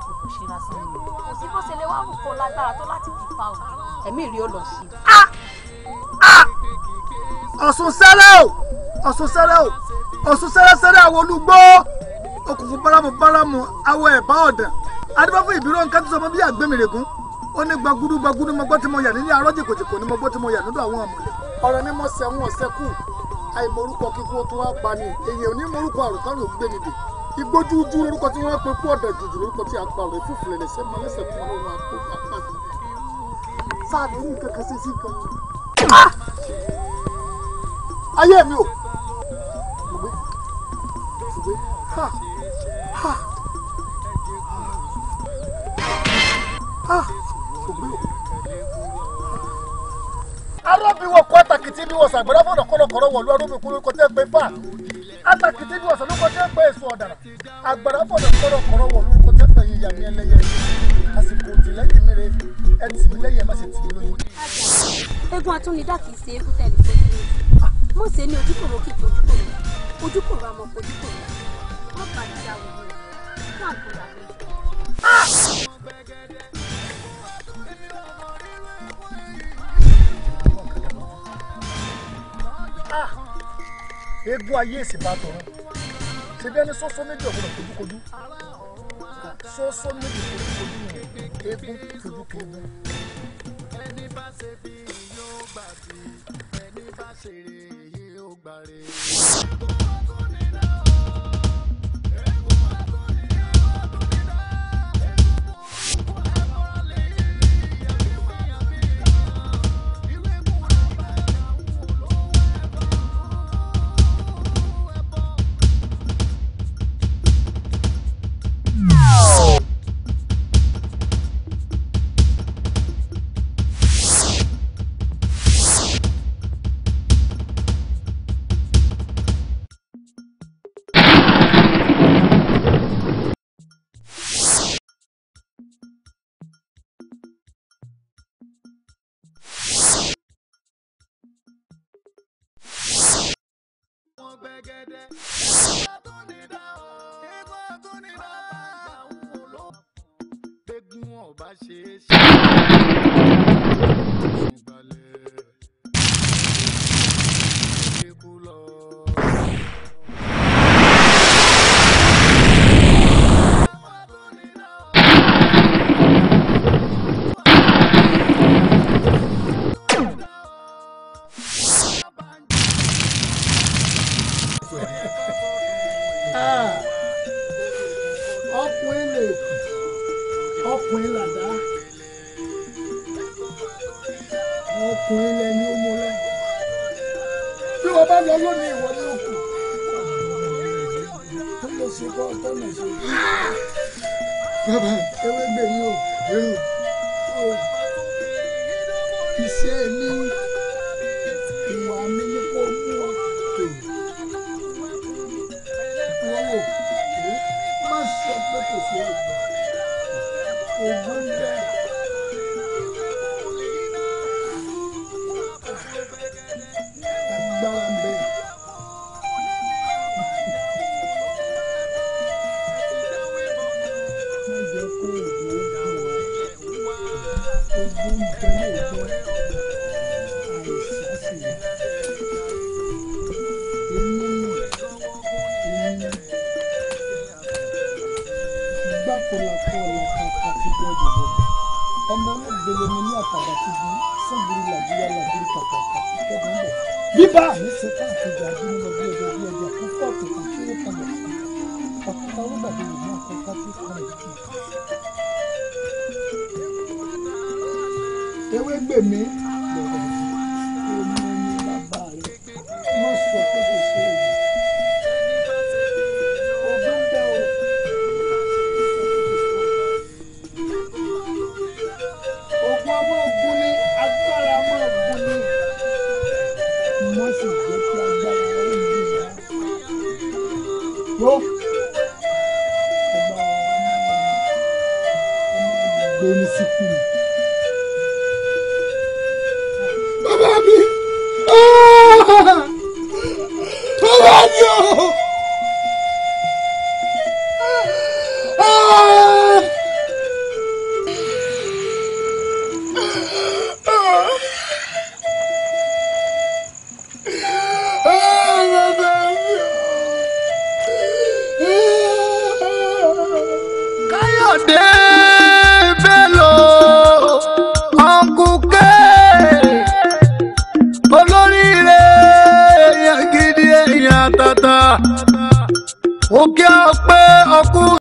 kò ṣe lásán ni kò sí bó ṣe lè wá kó lágbára tó láti kí pa òkè ẹ̀mí rí ó lọ sí. ọ̀sùn sẹ́rẹ̀ o ọ̀sùn sẹ́rẹ̀ o ọ̀sùn sẹ́rẹ̀ sẹ́rẹ̀ àwọn olùgbọ́ okùnfún báramu báramu awọ ẹ̀bá ọ̀dàn adébáfún ìbírọ̀ nǹkan tó sọ fún bí àgbẹ̀mìrègún ó ní gbagudu gbagudu mo gbọ́ tí mo yà nínú arọ́ jìkòjìkò ni mo gbọ́ tí mo yà nínú àwọn àmọ̀lẹ́ ọ̀rọ̀ ni mo sẹ́wọ̀n ọ̀sẹ́kù àìmọ̀rúkọ kíkú tó wá pa ni èyí ò ní mọ̀rúkọ àròkárò gbé mi igbó jújú lórúkọ tí wọ́n pe kú ọ̀dẹ̀ jùjù lórúkọ tí a pa ọ̀rẹ́ fúfú lẹ̀ lẹ́sẹ̀ mọ́ lẹ́sẹ̀ fún ọlọ́run àpò àpá sáàdì ní nǹkan kan sí sí nǹkan yìí. Ah! ayé mi ò ha ha ha ah! ṣùgbẹ́ ò. arábìnrin wọ kọ́ àtàkìtì bí wọ́n ṣàgbẹ́rẹ́ fọ̀nà kọ́lọ́kọ́rọ́ wọ̀lú arábìnrin kúrú kọ́tẹ́ pépà atakete ni wàsàn lóko tẹ́ pé èso ọ̀dàrà àgbàrá fọ̀dọ̀ kọ́rọ̀ kọ́rọ̀ wọ̀ lóko tẹ́ pé yíya mi ẹlẹ́yẹ àsìkò tì lẹ́yìn mi re ẹ tì mí lẹ́yìn ẹ má ṣe tì mí lóyún. egun atúnidá kì í ṣe egun tẹ̀lé fojú ah, mi mọ̀ ṣe ni ojúkòrò kìkì ojúkòrò ojúkòrò àmọ̀ ojúkòrò wọ́n bá ìjà wò ni wọ́n àgbòrò àgbòrò. Ah! eégún ayé èsì bá tọrọ ṣe bí ẹni sọ́sọ́ méjì ọ̀gbọ́dọ̀ tójúkojú sọ́sọ́ méjì tójúkojú eégún tójúkojú. ẹni bá ṣe bí yóò bíbá mi ṣe káàkiri àbí nínú bí ọjọ́ bí ọjọ́ fún fọ́ọ̀tù kò kí ó kalẹ̀ ọ̀túnba ó náà kó kájú kan ìlú. ewé gbèmí.